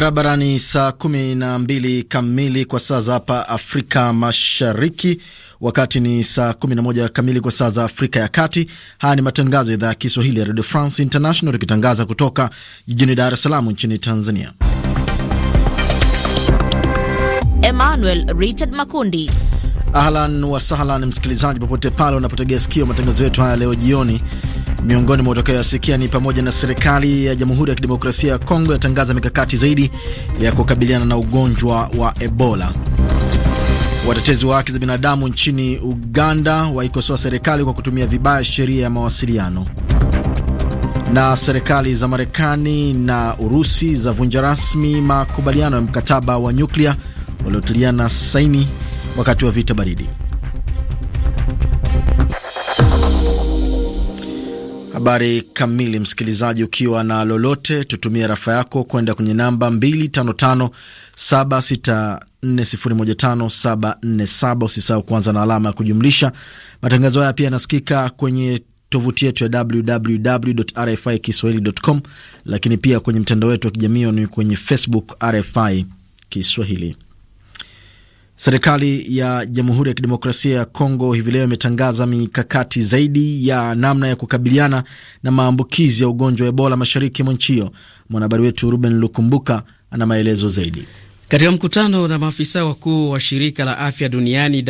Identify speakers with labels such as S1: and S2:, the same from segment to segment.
S1: Barabara ni saa kumi na mbili kamili kwa saa za hapa Afrika Mashariki, wakati ni saa kumi na moja kamili kwa saa za Afrika ya Kati. Haya ni matangazo ya idhaa ya Kiswahili ya Radio France International, tukitangaza kutoka jijini Dar es Salaam nchini Tanzania. Emmanuel Richard Makundi. Ahlan wasahlan msikilizaji, popote pale unapotegea sikio matangazo yetu haya leo jioni Miongoni mwa utakayoyasikia ni pamoja na serikali ya Jamhuri ya Kidemokrasia ya Kongo yatangaza mikakati zaidi ya kukabiliana na ugonjwa wa Ebola. Watetezi wa haki za binadamu nchini Uganda waikosoa serikali kwa kutumia vibaya sheria ya mawasiliano. Na serikali za Marekani na Urusi zavunja rasmi makubaliano ya mkataba wa nyuklia waliotiliana saini wakati wa vita baridi. Habari kamili, msikilizaji, ukiwa na lolote, tutumie rafa yako kwenda kwenye namba 255764015747. Usisahau kuanza na alama ya kujumlisha. Matangazo haya pia yanasikika kwenye tovuti yetu ya www.rfikiswahili.com, lakini pia kwenye mtandao wetu wa kijamii ni yaani kwenye Facebook RFI Kiswahili. Serikali ya Jamhuri ya Kidemokrasia ya Kongo hivi leo imetangaza mikakati zaidi ya namna ya kukabiliana na maambukizi ya ugonjwa wa Ebola mashariki mwa nchi hiyo. Mwanahabari wetu Ruben Lukumbuka ana maelezo zaidi.
S2: Katika mkutano na maafisa wakuu wa shirika la afya duniani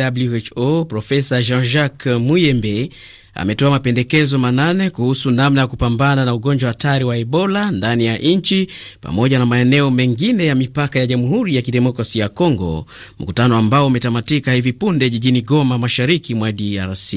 S2: WHO, Profesa Jean-Jacques Muyembe ametoa mapendekezo manane kuhusu namna ya kupambana na ugonjwa hatari wa Ebola ndani ya nchi pamoja na maeneo mengine ya mipaka ya Jamhuri ya Kidemokrasia ya Kongo, mkutano ambao umetamatika hivi punde jijini Goma, mashariki mwa DRC.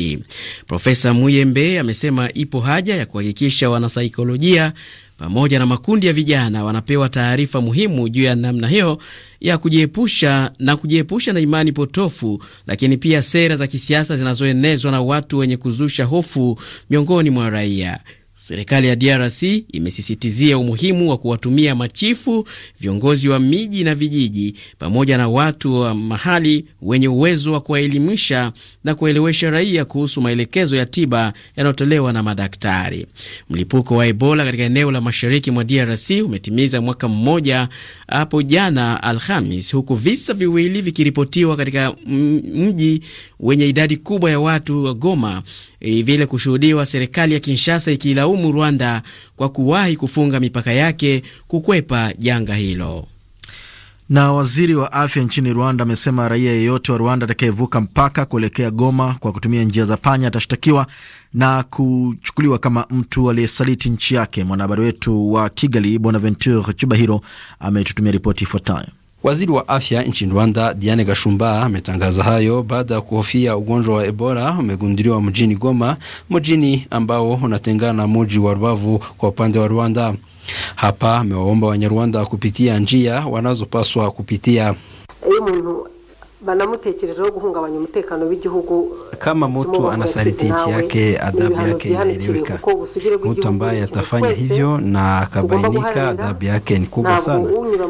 S2: Profesa Muyembe amesema ipo haja ya kuhakikisha wanasaikolojia pamoja na makundi ya vijana wanapewa taarifa muhimu juu ya namna hiyo ya kujiepusha na kujiepusha na imani potofu, lakini pia sera za kisiasa zinazoenezwa na watu wenye kuzusha hofu miongoni mwa raia. Serikali ya DRC imesisitizia umuhimu wa kuwatumia machifu, viongozi wa miji na vijiji, pamoja na watu wa mahali wenye uwezo wa kuwaelimisha na kuelewesha raia kuhusu maelekezo ya tiba yanayotolewa na madaktari. Mlipuko wa Ebola katika eneo la mashariki mwa DRC umetimiza mwaka mmoja hapo jana Alhamis, huku visa viwili vikiripotiwa katika mji wenye idadi kubwa ya watu wa Goma, eh, vile kushuhudiwa serikali ya Kinshasa ikila kuilaumu Rwanda kwa kuwahi kufunga mipaka yake kukwepa janga hilo.
S1: Na waziri wa afya nchini Rwanda amesema raia yeyote wa Rwanda atakayevuka mpaka kuelekea Goma kwa kutumia njia za panya atashtakiwa na kuchukuliwa kama mtu aliyesaliti nchi yake. Mwanahabari wetu wa Kigali, Bonaventure Chubahiro, ametutumia ripoti ifuatayo.
S3: Waziri wa afya nchini Rwanda Diane Gashumba ametangaza hayo baada ya kuhofia ugonjwa wa Ebola umegundiriwa mjini Goma, mjini ambao unatengana na muji wa Rubavu kwa upande wa Rwanda. Hapa amewaomba Wanyarwanda kupitia njia wanazopaswa kupitia.
S4: muntu
S5: banamutekerejeho guhungabanya umutekano w'igihugu
S3: kama mtu anasaliti nchi yake adhabu yake inaeleweka. Mtu ambaye atafanya hivyo na akabainika, adhabu yake ni kubwa sana.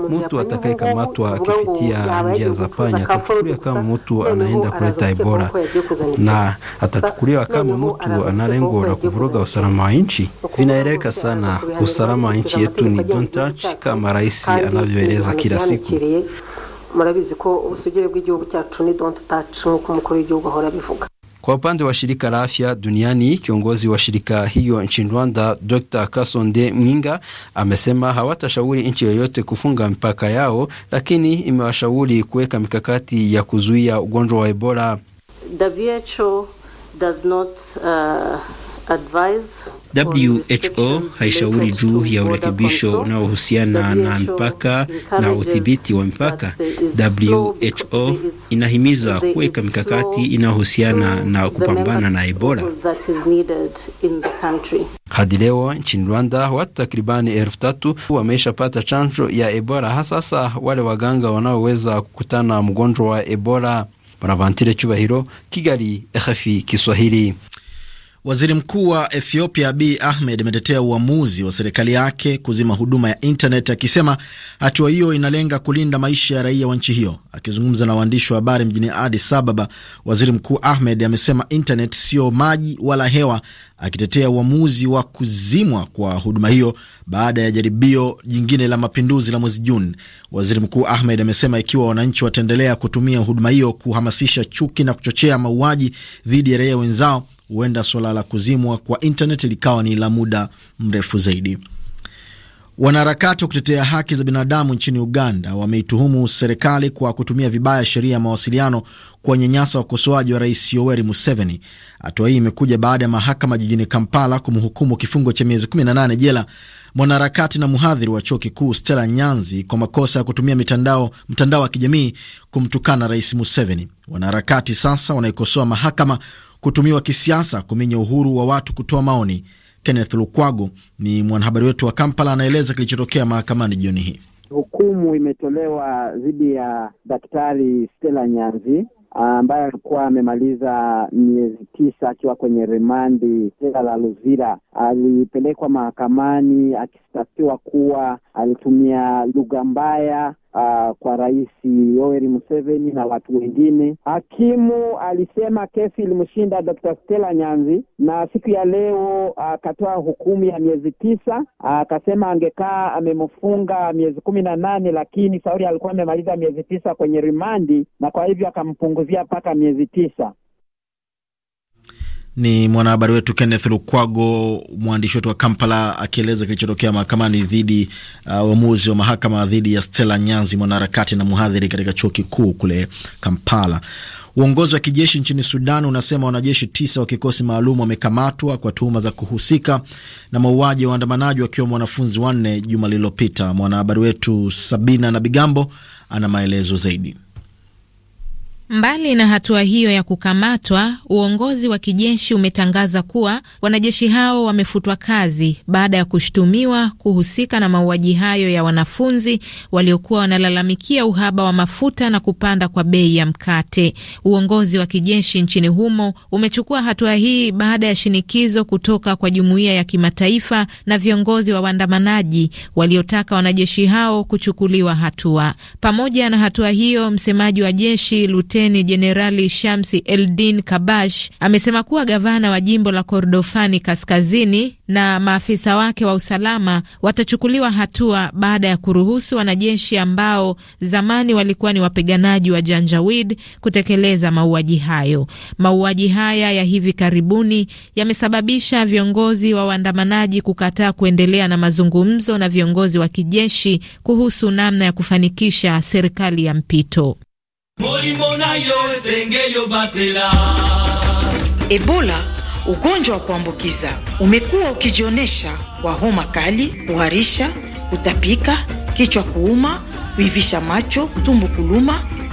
S3: Mtu atakayekamatwa akipitia njia za panya atachukuliwa kama mtu anaenda kuleta ebora na atachukuliwa kama mtu ana lengo la kuvuruga usalama wa nchi. Vinaeleweka sana, usalama wa nchi yetu ni don't touch, kama rais anavyoeleza kila siku
S6: murabizi ko ubusugire
S7: bw'igihugu cyacu ni don't touch nk'uko umukuru w'igihugu ahora abivuga
S3: kwa upande wa shirika la afya duniani, kiongozi wa shirika hiyo nchini Rwanda Dr. Kasonde Mwinga amesema hawatashauri nchi yoyote kufunga mipaka yao, lakini imewashauri kuweka mikakati ya kuzuia ugonjwa wa Ebola.
S5: The WHO does not, uh,
S8: advise
S3: WHO haishauri juu ya urekebisho unaohusiana na mpaka na udhibiti wa mpaka. WHO inahimiza kuweka mikakati inayohusiana na kupambana na Ebola. Hadi leo nchini Rwanda watu takribani elfu tatu wameshapata chanjo ya Ebola, hasasa wale waganga wanaoweza kukutana mgonjwa wa Ebola. Bonaventure Cyubahiro, Kigali, RFI Kiswahili.
S1: Waziri mkuu wa Ethiopia Abiy Ahmed ametetea uamuzi wa serikali yake kuzima huduma ya intnet akisema hatua hiyo inalenga kulinda maisha ya raia wa nchi hiyo. Akizungumza na waandishi wa habari mjini Addis Ababa, waziri mkuu Ahmed amesema intanet sio maji wala hewa, akitetea uamuzi wa kuzimwa kwa huduma hiyo baada ya jaribio jingine la mapinduzi la mwezi Juni. Waziri mkuu Ahmed amesema ikiwa wananchi wataendelea kutumia huduma hiyo kuhamasisha chuki na kuchochea mauaji dhidi ya raia wenzao huenda suala la kuzimwa kwa intaneti likawa ni la muda mrefu zaidi. Wanaharakati wa kutetea haki za binadamu nchini Uganda wameituhumu serikali kwa kutumia vibaya sheria ya mawasiliano kwa wakosoaji wa rais Yoweri Museveni. Hatua hii imekuja baada ya mahakama jijini Kampala kumhukumu kifungo cha miezi 18 jela mwanaharakati na mhadhiri wa chuo kikuu Stella Nyanzi kwa makosa ya kutumia mitandao, mtandao wa kijamii kumtukana rais Museveni. Wanaharakati sasa wanaikosoa mahakama kutumiwa kisiasa kumenya uhuru wa watu kutoa maoni. Kenneth Lukwago ni mwanahabari wetu wa Kampala, anaeleza kilichotokea mahakamani jioni hii.
S7: Hukumu imetolewa dhidi ya Daktari Stella Nyanzi ambaye alikuwa amemaliza miezi tisa akiwa kwenye remandi jela la Luzira. Alipelekwa mahakamani akistakiwa kuwa alitumia lugha mbaya uh, kwa Rais Yoweri Museveni na watu wengine. Hakimu alisema kesi ilimshinda Dr. Stella Nyanzi, na siku ya leo uh, akatoa uh, hukumu ya miezi tisa. Uh, akasema uh, angekaa amemfunga miezi kumi na nane, lakini Sauri alikuwa amemaliza miezi tisa kwenye rimandi, na kwa hivyo akampunguzia mpaka miezi tisa.
S1: Ni mwanahabari wetu Kenneth Lukwago, mwandishi wetu wa Kampala, akieleza kilichotokea mahakamani dhidi uh, uamuzi uh, wa mahakama dhidi ya Stella Nyanzi, mwanaharakati na mhadhiri katika chuo kikuu kule Kampala. Uongozi wa kijeshi nchini Sudan unasema wanajeshi tisa wa kikosi maalum wamekamatwa kwa tuhuma za kuhusika na mauaji ya waandamanaji wakiwemo wanafunzi wanne juma lililopita. Mwanahabari wetu Sabina na Bigambo ana maelezo zaidi.
S5: Mbali na hatua hiyo ya kukamatwa, uongozi wa kijeshi umetangaza kuwa wanajeshi hao wamefutwa kazi baada ya kushutumiwa kuhusika na mauaji hayo ya wanafunzi waliokuwa wanalalamikia uhaba wa mafuta na kupanda kwa bei ya mkate. Uongozi wa kijeshi nchini humo umechukua hatua hii baada ya shinikizo kutoka kwa jumuiya ya kimataifa na viongozi wa waandamanaji waliotaka wanajeshi hao kuchukuliwa hatua. Pamoja na hatua hiyo, msemaji wa jeshi Lute Operesheni Jenerali Shamsi Eldin Kabash amesema kuwa gavana wa jimbo la Kordofani Kaskazini na maafisa wake wa usalama watachukuliwa hatua baada ya kuruhusu wanajeshi ambao zamani walikuwa ni wapiganaji wa Janjawid kutekeleza mauaji hayo. Mauaji haya ya hivi karibuni yamesababisha viongozi wa waandamanaji kukataa kuendelea na mazungumzo na viongozi wa kijeshi kuhusu namna ya kufanikisha serikali ya mpito. Ebola, ugonjwa wa kuambukiza, umekuwa ukijionyesha kwa homa kali, kuharisha, kutapika, kichwa kuuma, kuivisha macho, tumbo kuluma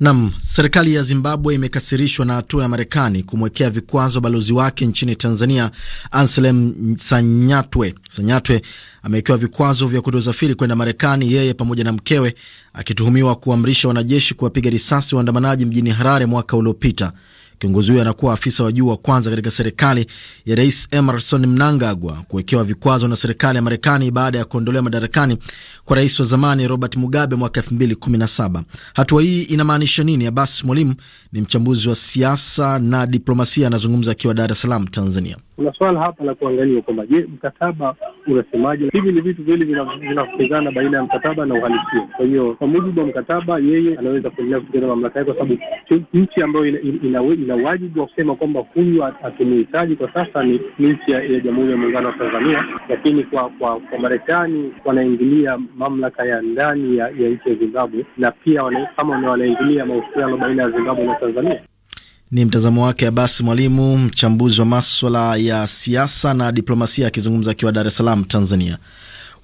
S1: Nam, serikali ya Zimbabwe imekasirishwa na hatua ya Marekani kumwekea vikwazo balozi wake nchini Tanzania, anselem Sanyatwe. Sanyatwe amewekewa vikwazo vya kutosafiri kwenda Marekani, yeye pamoja na mkewe, akituhumiwa kuamrisha wanajeshi kuwapiga risasi waandamanaji mjini Harare mwaka uliopita. Kiongozi huyo anakuwa afisa wa juu wa kwanza katika serikali ya Rais Emerson Mnangagwa kuwekewa vikwazo na serikali ya Marekani baada ya kuondolewa madarakani kwa rais wa zamani Robert Mugabe mwaka saba. Hatua hii inamaanisha nini? Abbas Mwalimu ni mchambuzi wa siasa na diplomasia, anazungumza akiwa Dar es Salaam, Tanzania
S9: kuna swala hapa la kuangalia kwamba je, mkataba unasemaje? Hivi ni vitu vile vinapingana baina ya mkataba na uhalisia. Kwa hiyo kwa mujibu wa mkataba, yeye anaweza kuendelea kutekeleza mamlaka yake, kwa sababu nchi ambayo ina, ina, ina wajibu wa kusema kwamba huyu hatumuhitaji kwa sasa ni nchi ya Jamhuri ya Muungano wa Tanzania, lakini kwa kwa, kwa Marekani wanaingilia mamlaka ya ndani ya nchi ya Zimbabwe na pia wana, kama wanaingilia mahusiano baina ya Zimbabwe na Tanzania.
S1: Ni mtazamo wake abas Mwalimu, mchambuzi wa maswala ya siasa na diplomasia, akizungumza akiwa Dar es Salaam, Tanzania.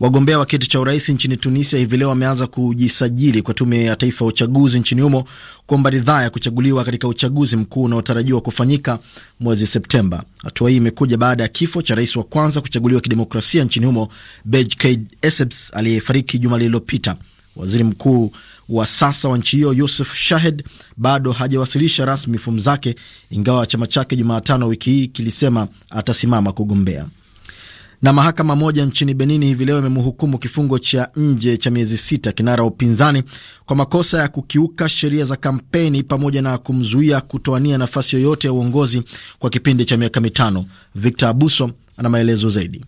S1: Wagombea wa kiti cha urais nchini Tunisia hivi leo wameanza kujisajili kwa tume ya taifa ya uchaguzi nchini humo kuomba ridhaa ya kuchaguliwa katika uchaguzi mkuu unaotarajiwa kufanyika mwezi Septemba. Hatua hii imekuja baada ya kifo cha rais wa kwanza kuchaguliwa kidemokrasia nchini humo Bedj Essebsi aliyefariki juma lililopita. Waziri mkuu wa sasa wa nchi hiyo Yusuf Shahed bado hajawasilisha rasmi fomu zake, ingawa chama chake Jumatano wiki hii kilisema atasimama kugombea. Na mahakama moja nchini Benini hivi leo imemhukumu kifungo cha nje cha miezi sita kinara wa upinzani kwa makosa ya kukiuka sheria za kampeni pamoja na kumzuia kutoania nafasi yoyote ya uongozi kwa kipindi cha miaka mitano. Victor Abuso ana maelezo zaidi.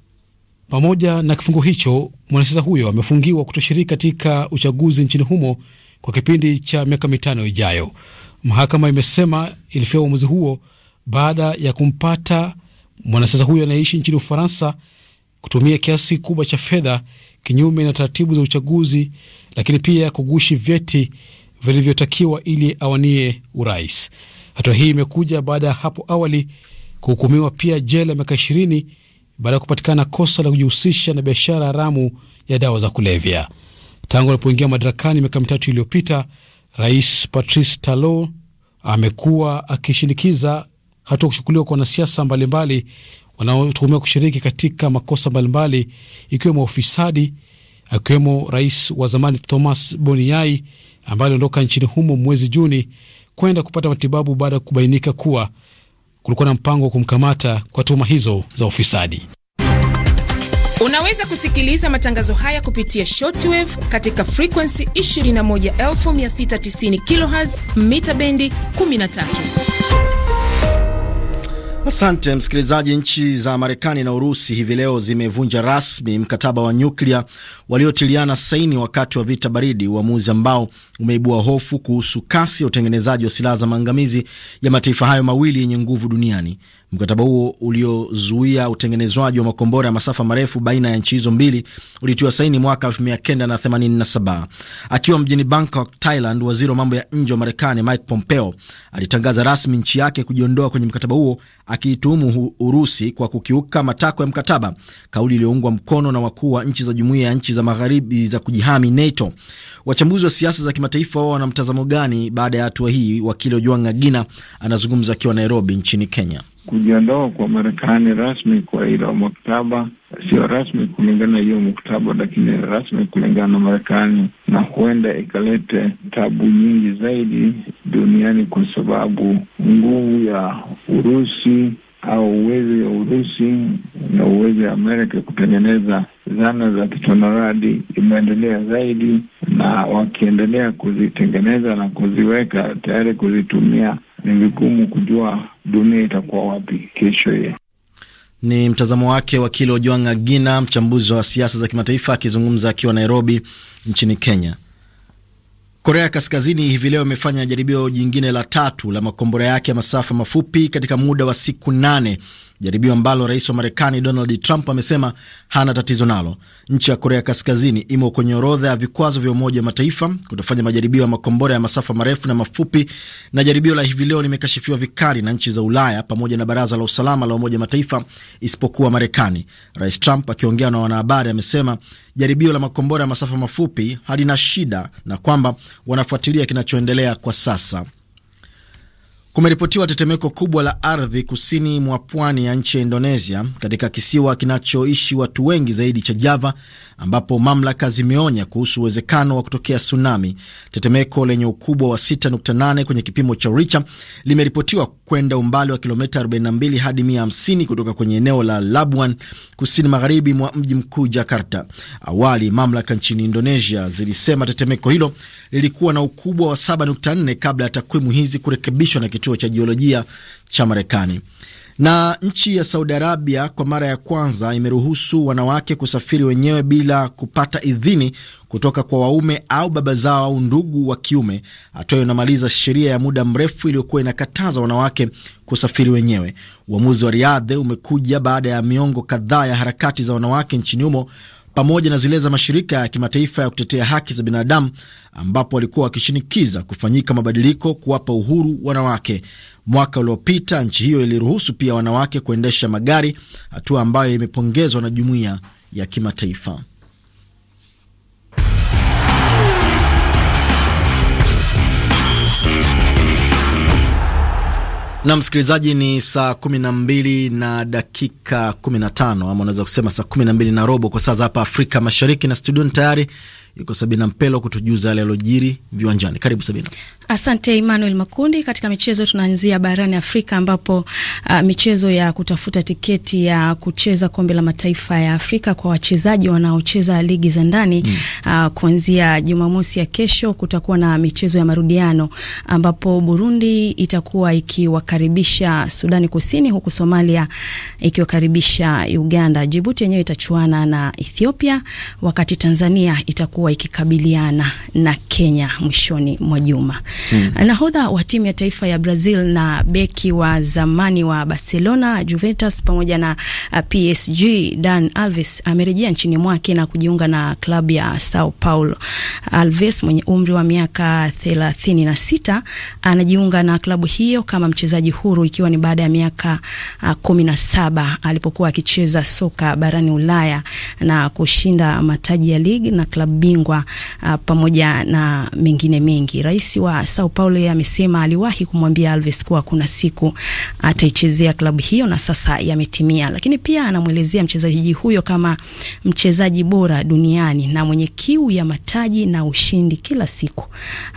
S1: Pamoja na kifungo
S10: hicho, mwanasiasa huyo amefungiwa kutoshiriki katika uchaguzi nchini humo kwa kipindi cha miaka mitano ijayo. Mahakama imesema ilifia uamuzi huo baada ya kumpata mwanasiasa huyo anayeishi nchini Ufaransa kutumia kiasi kubwa cha fedha kinyume na taratibu za uchaguzi, lakini pia kugushi vyeti vilivyotakiwa ili awanie urais. Hatua hii imekuja baada ya hapo awali kuhukumiwa pia jela miaka ishirini baada ya kupatikana kosa la kujihusisha na biashara haramu ya dawa za kulevya. Tangu alipoingia madarakani miaka mitatu iliyopita, Rais Patrice Talon amekuwa akishinikiza hatua kuchukuliwa kwa wanasiasa mbalimbali wanaotuhumiwa kushiriki katika makosa mbalimbali ikiwemo ufisadi, akiwemo rais wa zamani Thomas Boniai ambaye aliondoka nchini humo mwezi Juni kwenda kupata matibabu baada ya kubainika kuwa kulikuwa na mpango wa kumkamata kwa tuhuma hizo za ufisadi.
S5: Unaweza kusikiliza matangazo haya kupitia shortwave katika frekuensi 21690 kHz mita bendi 13.
S1: Asante msikilizaji. Nchi za Marekani na Urusi hivi leo zimevunja rasmi mkataba wa nyuklia waliotiliana saini wakati wa vita baridi, uamuzi ambao umeibua hofu kuhusu kasi ya utengenezaji wa silaha za maangamizi ya mataifa hayo mawili yenye nguvu duniani. Mkataba huo uliozuia utengenezwaji wa makombora ya masafa marefu baina ya nchi hizo mbili ulitiwa saini mwaka 1987. Akiwa mjini Bangkok, Thailand, waziri wa mambo ya nje wa Marekani Mike Pompeo alitangaza rasmi nchi yake kujiondoa kwenye mkataba huo, akiituhumu Urusi kwa kukiuka matakwa ya mkataba, kauli iliyoungwa mkono na wakuu wa nchi za jumuiya ya nchi za magharibi za kujihami NATO. Wachambuzi wa siasa za kimataifa wao wana mtazamo gani baada ya hatua hii? Wakili Ojwang Agina anazungumza akiwa Nairobi nchini Kenya.
S4: Kujiondoa kwa Marekani rasmi kwa ilo maktaba, sio rasmi kulingana na hiyo mkataba, lakini rasmi kulingana na Marekani, na huenda ikalete tabu nyingi zaidi duniani, kwa sababu nguvu ya Urusi au uwezi wa Urusi na uwezi wa Amerika kutengeneza zana za kitonoradi imeendelea zaidi, na wakiendelea kuzitengeneza na kuziweka tayari kuzitumia, ni vigumu kujua dunia itakuwa wapi kesho hiyo.
S1: Ni mtazamo wake wakili Ojwang Agina, mchambuzi wa siasa za kimataifa, akizungumza akiwa Nairobi nchini Kenya. Korea Kaskazini hivi leo imefanya jaribio jingine la tatu la makombora yake ya masafa mafupi katika muda wa siku nane, jaribio ambalo rais wa Marekani Donald Trump amesema hana tatizo nalo. Nchi ya Korea Kaskazini imo kwenye orodha ya vikwazo vya Umoja wa Mataifa kutofanya majaribio ya makombora ya masafa marefu na mafupi, na jaribio la hivi leo limekashifiwa vikali na nchi za Ulaya pamoja na Baraza la Usalama la Umoja wa Mataifa isipokuwa Marekani. Rais Trump akiongea na wanahabari amesema jaribio la makombora ya masafa mafupi halina shida na kwamba wanafuatilia kinachoendelea kwa sasa. Kumeripotiwa tetemeko kubwa la ardhi kusini mwa pwani ya nchi ya Indonesia, katika kisiwa kinachoishi watu wengi zaidi cha Java, ambapo mamlaka zimeonya kuhusu uwezekano wa kutokea tsunami. Tetemeko lenye ukubwa wa 6.8 kwenye kipimo cha Richter limeripotiwa kwenda umbali wa kilomita 42 hadi 150 kutoka kwenye eneo la Labuan, kusini magharibi mwa mji mkuu Jakarta. Awali mamlaka nchini Indonesia zilisema tetemeko hilo lilikuwa na ukubwa wa 7.4 kabla ya takwimu hizi kurekebishwa na kitu kituo cha jiolojia cha Marekani. Na nchi ya Saudi Arabia kwa mara ya kwanza imeruhusu wanawake kusafiri wenyewe bila kupata idhini kutoka kwa waume au baba zao au ndugu wa kiume, hatua inamaliza sheria ya muda mrefu iliyokuwa inakataza wanawake kusafiri wenyewe. Uamuzi wa Riadhe umekuja baada ya miongo kadhaa ya harakati za wanawake nchini humo pamoja na zile za mashirika ya kimataifa ya kutetea haki za binadamu, ambapo walikuwa wakishinikiza kufanyika mabadiliko kuwapa uhuru wanawake. Mwaka uliopita nchi hiyo iliruhusu pia wanawake kuendesha magari, hatua ambayo imepongezwa na jumuiya ya kimataifa. na msikilizaji, ni saa kumi na mbili na dakika kumi na tano ama unaweza kusema saa kumi na mbili na robo kwa saa za hapa Afrika Mashariki, na studioni tayari yuko Sabina Mpelo kutujuza yale yalojiri viwanjani. Karibu Sabina.
S11: Asante Emmanuel Makundi. Katika michezo tunaanzia barani Afrika ambapo uh, michezo ya kutafuta tiketi ya kucheza kombe la mataifa ya Afrika kwa wachezaji wanaocheza ligi za ndani mm. Uh, kuanzia Jumamosi ya kesho kutakuwa na michezo ya marudiano ambapo Burundi itakuwa ikiwakaribisha Sudani Kusini, huku Somalia ikiwakaribisha Uganda. Jibuti yenyewe itachuana na Ethiopia, wakati Tanzania itakuwa ikikabiliana na Kenya mwishoni mwa juma. Hmm. Nahodha wa timu ya taifa ya Brazil na beki wa zamani wa Barcelona, Juventus pamoja na uh, PSG Dan Alves amerejea nchini mwake na kujiunga na klabu ya Sao Paulo. Alves mwenye umri wa miaka 36 anajiunga na klabu hiyo kama mchezaji huru ikiwa ni baada ya miaka 17 uh, alipokuwa akicheza soka barani Ulaya na kushinda mataji ya ligi na klabu bingwa uh, pamoja na mengine mengi. Rais wa Sao Paulo amesema aliwahi kumwambia Alves kuwa kuna siku ataichezea klabu hiyo na sasa yametimia, lakini pia anamwelezea mchezaji huyo kama mchezaji bora duniani na mwenye kiu ya mataji na ushindi kila siku.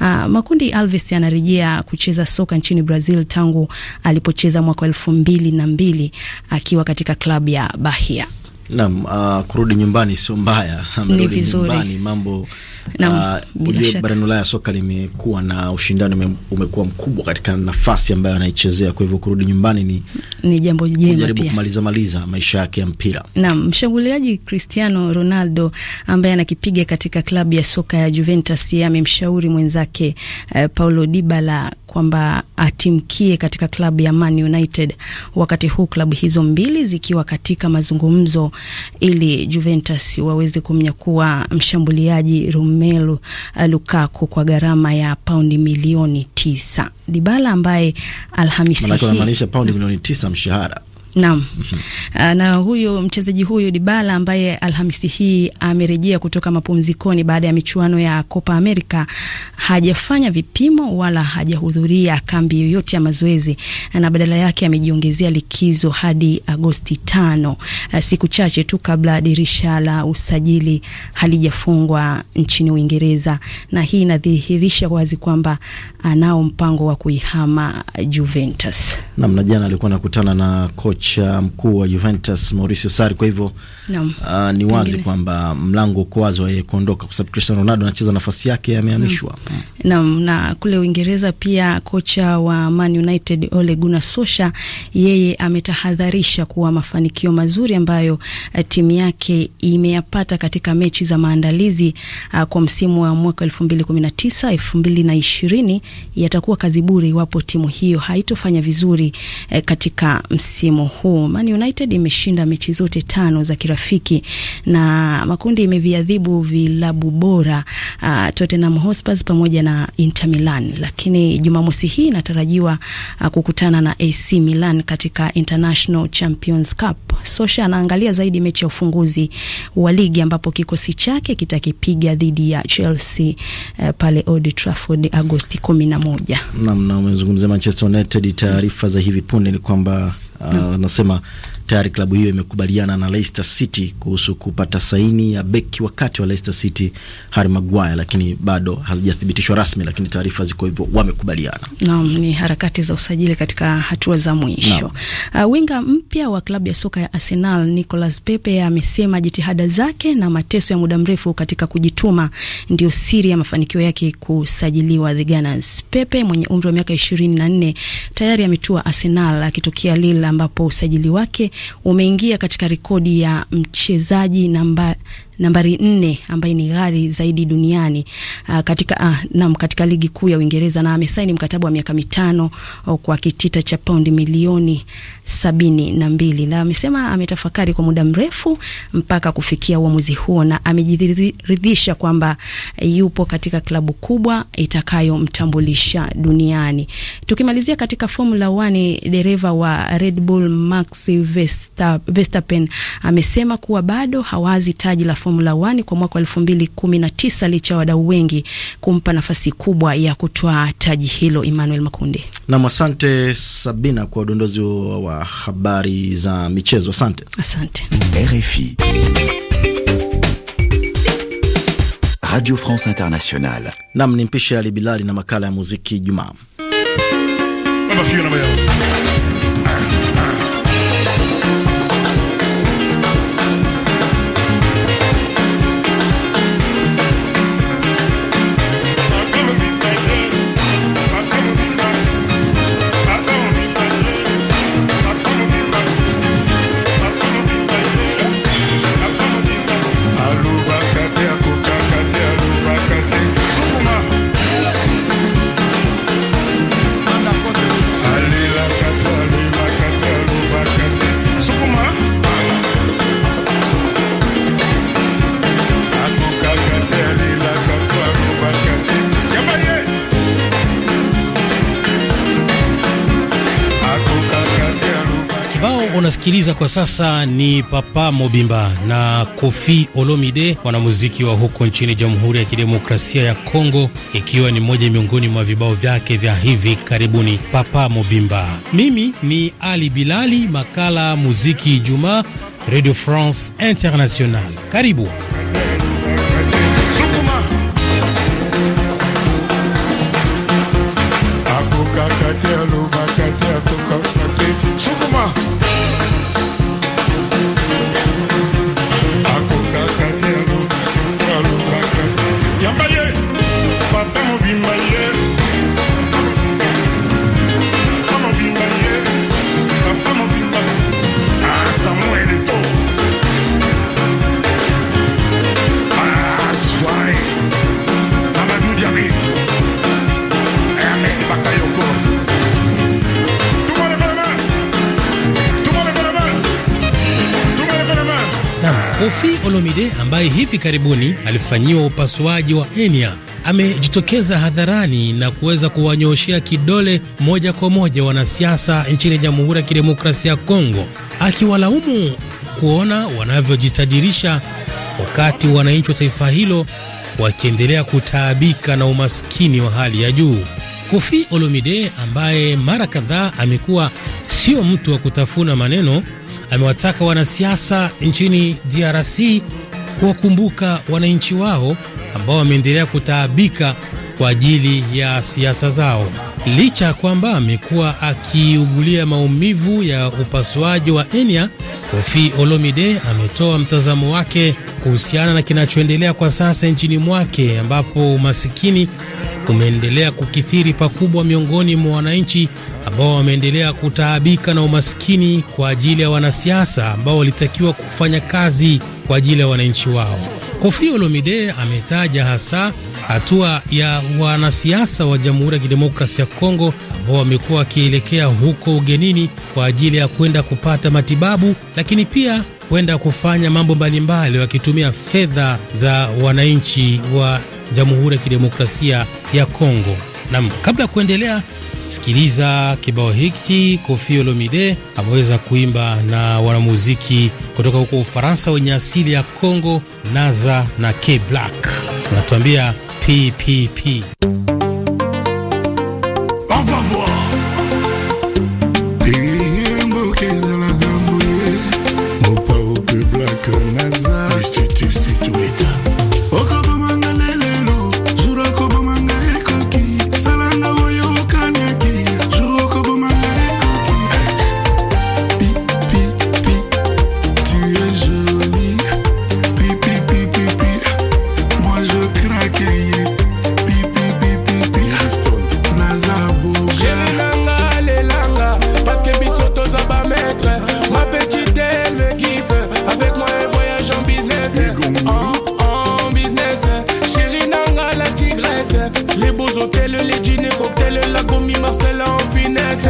S11: Uh, makundi Alves anarejea kucheza soka nchini Brazil tangu alipocheza mwaka elfu mbili na mbili akiwa katika klabu ya Bahia.
S1: Naam, uh, kurudi nyumbani sio mbaya, amerudi nyumbani mambo Ah, ujue barani Ulaya soka limekuwa na ushindani umekuwa mkubwa katika nafasi ambayo anaichezea, kwa hivyo kurudi nyumbani ni, ni jambo jema, kujaribu kumaliza maliza maisha yake ya mpira.
S11: Naam, mshambuliaji Cristiano Ronaldo ambaye anakipiga katika klabu ya soka ya Juventus amemshauri mwenzake eh, Paulo Dybala kwamba atimkie katika klabu ya Man United, wakati huu klabu hizo mbili zikiwa katika mazungumzo ili Juventus waweze kumnyakua mshambuliaji Romelu Romelu eh, Lukaku kwa gharama ya paundi milioni tisa. Dibala ambaye Alhamisi hii anamaanisha paundi
S1: milioni tisa mshahara
S11: Naam. Eh, na huyo mchezaji huyo dibala ambaye Alhamisi hii amerejea kutoka mapumzikoni baada ya michuano ya Copa America hajafanya vipimo wala hajahudhuria kambi yoyote ya mazoezi na badala yake amejiongezea likizo hadi Agosti tano, eh, siku chache tu kabla dirisha la usajili halijafungwa nchini Uingereza, na hii inadhihirisha wazi kwamba anao mpango wa kuihama
S1: Juventus. Naam, na jana alikuwa anakutana na coach kocha mkuu wa Juventus Mauricio Sarri. Kwa hivyo no, uh, ah, ni wazi kwamba mlango uko wazi wa yeye kuondoka, kwa sababu Cristiano Ronaldo anacheza nafasi yake, amehamishwa
S11: naam. Na na kule Uingereza pia kocha wa Man United Ole Gunnar Solskjaer, yeye ametahadharisha kuwa mafanikio mazuri ambayo uh, timu yake imeyapata katika mechi za maandalizi uh, kwa msimu wa mwaka 2019 2020 yatakuwa kazi bure iwapo timu hiyo haitofanya vizuri eh, katika msimu huu. Man United imeshinda mechi zote tano za kirafiki na makundi imeviadhibu vilabu bora uh, Tottenham Hotspur pamoja na Inter Milan, lakini Jumamosi hii inatarajiwa uh, kukutana na AC Milan katika International Champions Cup. Sosha anaangalia zaidi mechi ya ufunguzi wa ligi ambapo kikosi chake kitakipiga dhidi ya Chelsea uh, pale Old Trafford Agosti
S1: 11. Naam, na umezungumzia Manchester United, taarifa za hivi punde ni kwamba uh, ah, anasema Tayari klabu hiyo imekubaliana na Leicester City kuhusu kupata saini ya beki wakati wa Leicester City Harry Maguire, lakini bado hazijathibitishwa rasmi, lakini taarifa ziko hivyo, wamekubaliana.
S11: Naam, ni harakati za usajili katika hatua za mwisho. Uh, winga mpya wa klabu ya soka ya Arsenal Nicolas Pepe amesema jitihada zake na mateso ya muda mrefu katika kujituma ndio siri ya mafanikio yake kusajiliwa The Gunners. Pepe mwenye umri wa miaka 24 tayari ametua Arsenal akitokea Lille ambapo usajili wake umeingia katika rekodi ya mchezaji namba nambari nne ambaye ni ghali zaidi duniani uh, katika uh, ah, nam katika ligi kuu ya Uingereza na amesaini mkataba wa miaka mitano uh, kwa kitita cha paundi milioni sabini na mbili na amesema ametafakari kwa muda mrefu mpaka kufikia uamuzi huo na amejiridhisha kwamba yupo katika klabu kubwa itakayomtambulisha duniani. Tukimalizia katika Formula 1 dereva wa Red Bull Max Verstappen amesema kuwa bado hawazi taji la Formula 1 kwa mwaka 2019 licha ya wadau wengi kumpa nafasi kubwa ya kutoa taji hilo. Emmanuel Makundi.
S1: Nam, asante Sabina kwa udondozi wa habari za michezo. Asante, asante. RFI Radio France Internationale. Naam, ni Ali Bilali na makala ya muziki Jumaa.
S6: unasikiliza kwa sasa ni Papa Mobimba na Kofi Olomide, wanamuziki wa huko nchini Jamhuri ya Kidemokrasia ya Kongo, ikiwa ni moja miongoni mwa vibao vyake vya hivi karibuni, Papa Mobimba. Mimi ni Ali Bilali, makala muziki Ijumaa, Radio France International. Karibu. ambaye hivi karibuni alifanyiwa upasuaji wa enia amejitokeza hadharani na kuweza kuwanyooshea kidole moja kwa moja wanasiasa nchini Jamhuri ya Kidemokrasia ya Kongo, akiwalaumu kuona wanavyojitadirisha wakati wananchi wa taifa hilo wakiendelea kutaabika na umaskini wa hali ya juu. Kofi Olomide ambaye mara kadhaa amekuwa sio mtu wa kutafuna maneno amewataka wanasiasa nchini DRC kuwakumbuka wananchi wao ambao wameendelea kutaabika kwa ajili ya siasa zao, licha ya kwamba amekuwa akiugulia maumivu ya upasuaji wa enia. kofi Olomide ametoa mtazamo wake kuhusiana na kinachoendelea kwa sasa nchini mwake ambapo umasikini umeendelea kukithiri pakubwa miongoni mwa wananchi ambao wameendelea kutaabika na umasikini kwa ajili ya wanasiasa ambao walitakiwa kufanya kazi kwa ajili ya wananchi wao. Kofi Olomide ametaja hasa hatua ya wanasiasa wa Jamhuri ya Kidemokrasia ya Kongo ambao wamekuwa wakielekea huko ugenini kwa ajili ya kwenda kupata matibabu, lakini pia kwenda kufanya mambo mbalimbali wakitumia fedha za wananchi wa Jamhuri ya Kidemokrasia ya Kongo. Nam, kabla ya kuendelea, sikiliza kibao hiki. Koffi Olomide ameweza kuimba na wanamuziki kutoka huko Ufaransa wenye asili ya Congo, Naza na K Black, anatuambia PPP.
S8: Marcella en finesse.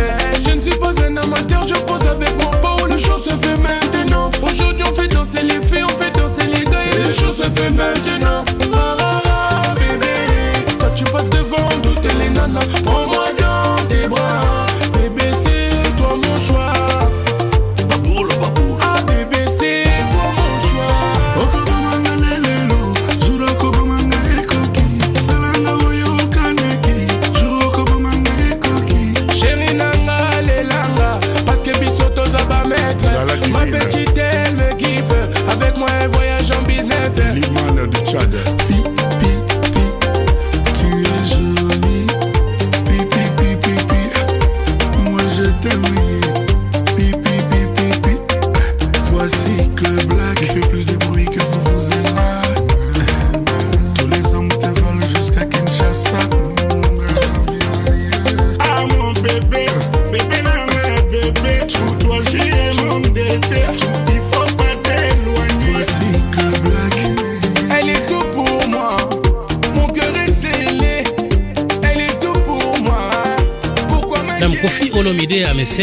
S8: Je ne suis pas un amateur, je pose avec mon pot. Le show se fait maintenant. Aujourd'hui, on fait danser les filles, on fait danser les gars. Et le show se fait maintenant.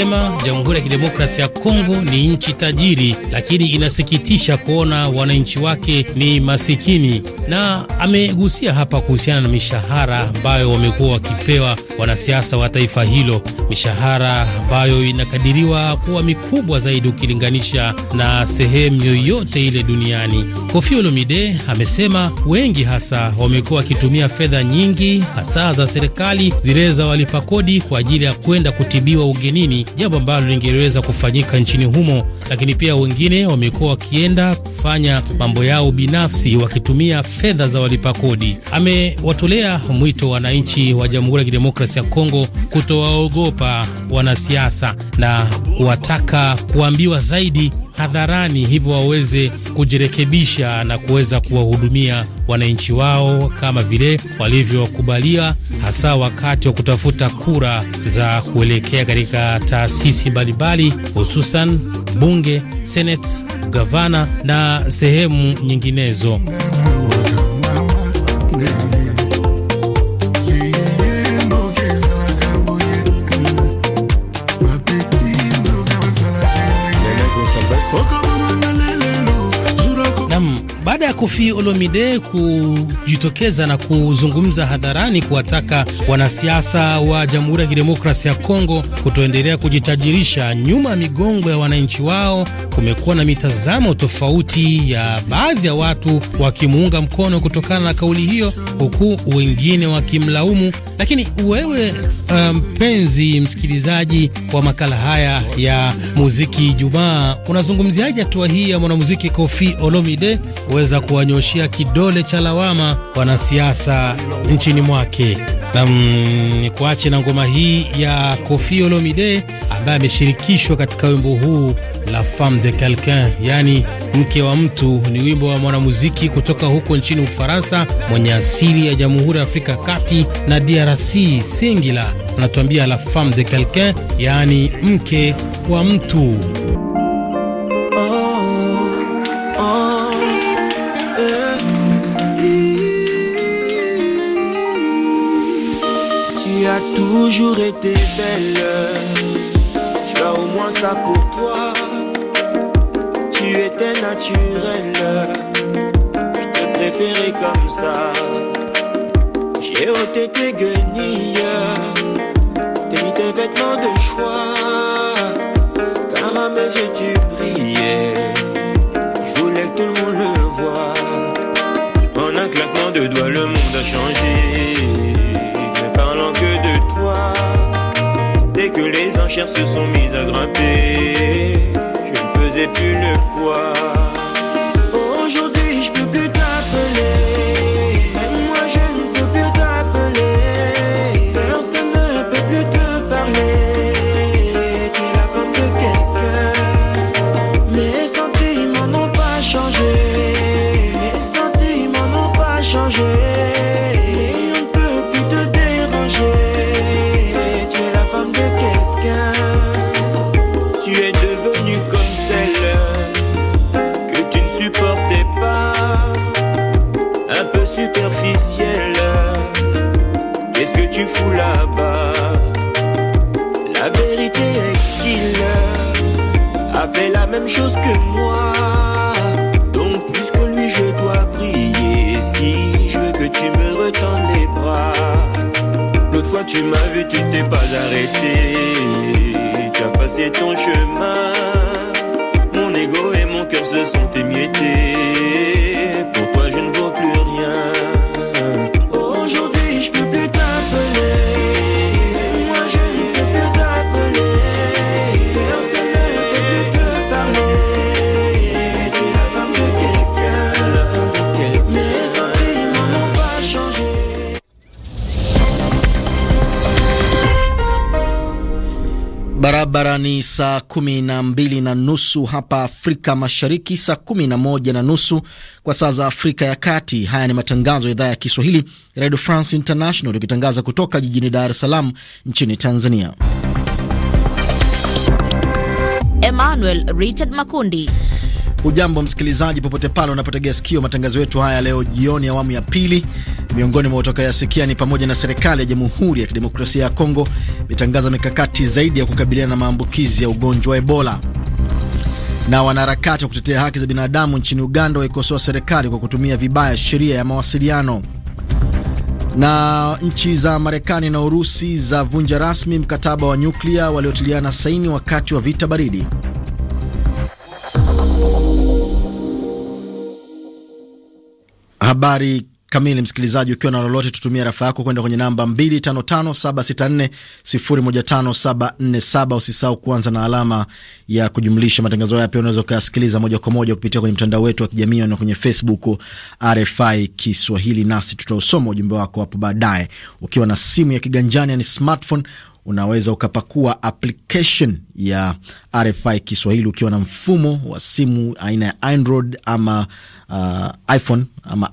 S6: anasema Jamhuri ya Kidemokrasia ya Kongo ni nchi tajiri, lakini inasikitisha kuona wananchi wake ni masikini, na amegusia hapa kuhusiana na mishahara ambayo wamekuwa wakipewa wanasiasa wa taifa hilo, mishahara ambayo inakadiriwa kuwa mikubwa zaidi ukilinganisha na sehemu yoyote ile duniani. Koffi Olomide amesema wengi hasa wamekuwa wakitumia fedha nyingi hasa za serikali zile za walipa kodi kwa ajili ya kwenda kutibiwa ugenini, jambo ambalo lingeweza kufanyika nchini humo, lakini pia wengine wamekuwa wakienda kufanya mambo yao binafsi wakitumia fedha za walipa kodi. Amewatolea mwito wananchi wa Jamhuri ya Kidemokrasia ya Kongo kutowaogopa wanasiasa na kuwataka kuambiwa zaidi hadharani, hivyo waweze kujirekebisha na kuweza kuwahudumia wananchi wao kama vile walivyokubalia, hasa wakati wa kutafuta kura za kuelekea katika taasisi mbalimbali, hususan bunge, seneti, gavana na sehemu nyinginezo. Kofi Olomide kujitokeza na kuzungumza hadharani kuwataka wanasiasa wa Jamhuri ya Kidemokrasia ya Kongo kutoendelea kujitajirisha nyuma ya migongo ya wananchi wao. Kumekuwa na mitazamo tofauti ya baadhi ya watu wakimuunga mkono kutokana na kauli hiyo, huku wengine wakimlaumu. Lakini wewe eh, mpenzi um, msikilizaji wa makala haya ya muziki Ijumaa, unazungumziaje hatua hii ya mwanamuziki Kofi Olomide kuweza kuwanyoshea kidole cha lawama wanasiasa nchini mwake. Na mm, ni kuache na ngoma hii ya Koffi Olomide ambaye ameshirikishwa katika wimbo huu la femme de quelqu'un, yaani mke wa mtu. Ni wimbo wa mwanamuziki kutoka huko nchini Ufaransa mwenye asili ya Jamhuri ya Afrika Kati na DRC, Singila anatuambia la femme de quelqu'un, yaani mke wa mtu.
S12: Tu as toujours été belle. Tu as au moins ça pour toi. Tu étais naturelle. Je te préférais comme ça. J'ai ôté tes guenilles. T'es mis tes vêtements de choix. se sont mises à grimper. Je ne faisais plus le poids. chose que moi. Donc plus lui, je dois prier. Si je veux que tu me retendes les bras. L'autre fois, tu m'as vu, tu t'es pas arrêté. Tu as passé ton chemin. Mon ego et mon cœur se sont émiettés.
S1: ni saa kumi na mbili na nusu hapa Afrika Mashariki, saa kumi na moja na nusu kwa saa za Afrika ya Kati. Haya ni matangazo ya idhaa ya Kiswahili Radio France International, tukitangaza kutoka jijini Dar es Salaam nchini Tanzania. Emmanuel Richard Makundi ujambo msikilizaji, popote pale unapotegea sikio matangazo yetu haya leo jioni, awamu ya pili. Miongoni mwa utakayoyasikia ni pamoja na serikali ya Jamhuri ya Kidemokrasia ya Kongo imetangaza mikakati zaidi ya kukabiliana na maambukizi ya ugonjwa wa Ebola, na wanaharakati wa kutetea haki za binadamu nchini Uganda waikosoa serikali kwa kutumia vibaya sheria ya mawasiliano na nchi za Marekani na Urusi za vunja rasmi mkataba wa nyuklia waliotiliana saini wakati wa vita baridi. habari kamili. Msikilizaji, ukiwa na lolote, tutumia rafa yako kwenda kwenye namba 255764015747. Usisahau kuanza na alama ya kujumlisha. Matangazo haya pia unaweza ukayasikiliza moja kwa moja kupitia kwenye mtandao wetu wa kijamii na kwenye Facebook RFI Kiswahili, nasi tutausoma ujumbe wako hapo baadaye. Ukiwa na simu ya kiganjani, yani smartphone unaweza ukapakua application ya RFI Kiswahili ukiwa na mfumo wa simu aina ya Android ama uh, iPhone ama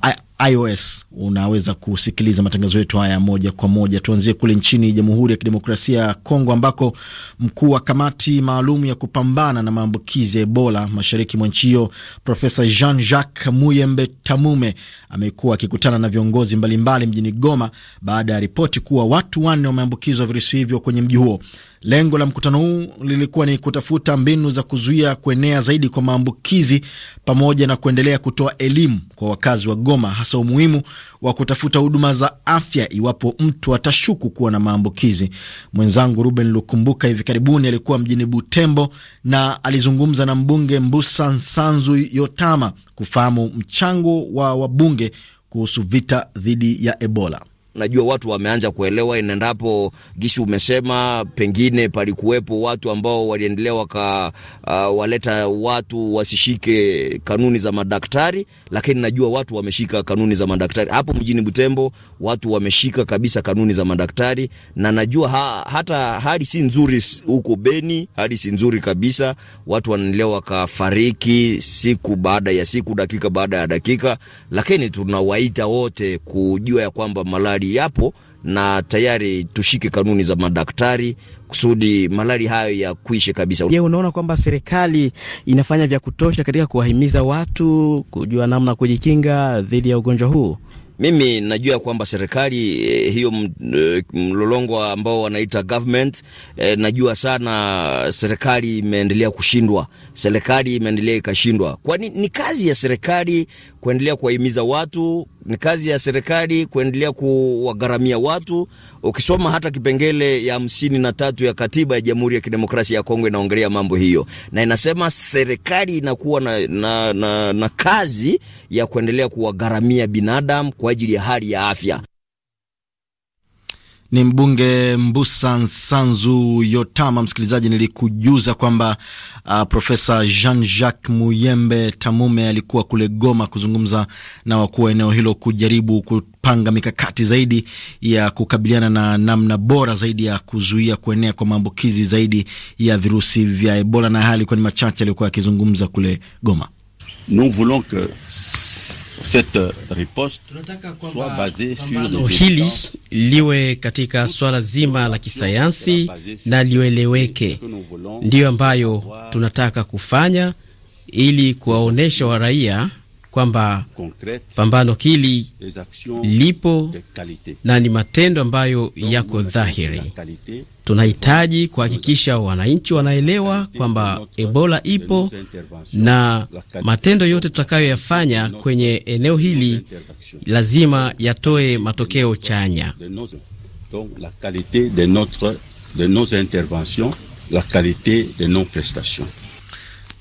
S1: iOS unaweza kusikiliza matangazo yetu haya moja kwa moja. Tuanzie kule nchini Jamhuri ya Kidemokrasia ya Kongo, ambako mkuu wa kamati maalum ya kupambana na maambukizi ya Ebola mashariki mwa nchi hiyo Profesa Jean Jacques Muyembe Tamume amekuwa akikutana na viongozi mbalimbali mjini Goma baada ya ripoti kuwa watu wanne wameambukizwa virusi hivyo kwenye mji huo. Lengo la mkutano huu lilikuwa ni kutafuta mbinu za kuzuia kuenea zaidi kwa maambukizi pamoja na kuendelea kutoa elimu kwa wakazi wa Goma hasa umuhimu wa kutafuta huduma za afya iwapo mtu atashuku kuwa na maambukizi. Mwenzangu Ruben Lukumbuka hivi karibuni alikuwa mjini Butembo na alizungumza na mbunge Mbusa Nsanzu Yotama kufahamu mchango wa wabunge kuhusu vita dhidi ya Ebola
S13: najua watu wameanza kuelewa, inaendapo Gishu umesema pengine palikuwepo watu ambao waliendelea waka uh, waleta watu wasishike kanuni za madaktari, lakini najua watu wameshika kanuni za madaktari hapo mjini Butembo, watu wameshika kabisa kanuni za madaktari, na najua ha, hata hali si nzuri huko Beni, hali si nzuri kabisa, watu wanaendelea wakafariki siku baada ya siku, dakika baada ya dakika, lakini tunawaita wote kujua ya kwamba malaria malaria yapo na tayari tushike kanuni za madaktari kusudi malaria hayo ya kuishe kabisa. Je,
S2: unaona kwamba serikali inafanya vya kutosha katika kuwahimiza watu kujua namna kujikinga dhidi ya ugonjwa huu?
S13: Mimi najua kwamba serikali eh, hiyo eh, mlolongo ambao wanaita government eh, najua sana serikali imeendelea kushindwa, serikali imeendelea ikashindwa, kwani ni kazi ya serikali kuendelea kuwahimiza watu. Ni kazi ya serikali kuendelea kuwagharamia watu. Ukisoma hata kipengele ya hamsini na tatu ya katiba ya Jamhuri ya Kidemokrasia ya Kongo inaongelea mambo hiyo, na inasema serikali inakuwa na, na, na, na kazi ya kuendelea kuwagharamia binadamu kwa ajili ya hali ya afya
S1: ni mbunge Mbusa Nsanzu Yotama. Msikilizaji, nilikujuza kwamba uh, Profesa Jean Jacques Muyembe Tamume alikuwa kule Goma kuzungumza na wakuu wa eneo hilo kujaribu kupanga mikakati zaidi ya kukabiliana na namna bora zaidi ya kuzuia kuenea kwa maambukizi zaidi ya virusi vya Ebola, na haya alikuwa ni machache aliyokuwa akizungumza kule Goma. Nous voulons que cette euh, riposte
S3: soit basée sur
S2: hili liwe katika swala zima la kisayansi na lieleweke, ndiyo ambayo tunataka kufanya ili kuwaonyesha waraia kwamba pambano hili lipo na ni matendo ambayo yako dhahiri. Tunahitaji kuhakikisha wananchi wanaelewa kwamba Ebola ipo na matendo yote tutakayoyafanya kwenye eneo hili lazima yatoe matokeo chanya.
S13: de nos interventions, la qualité de nos prestations.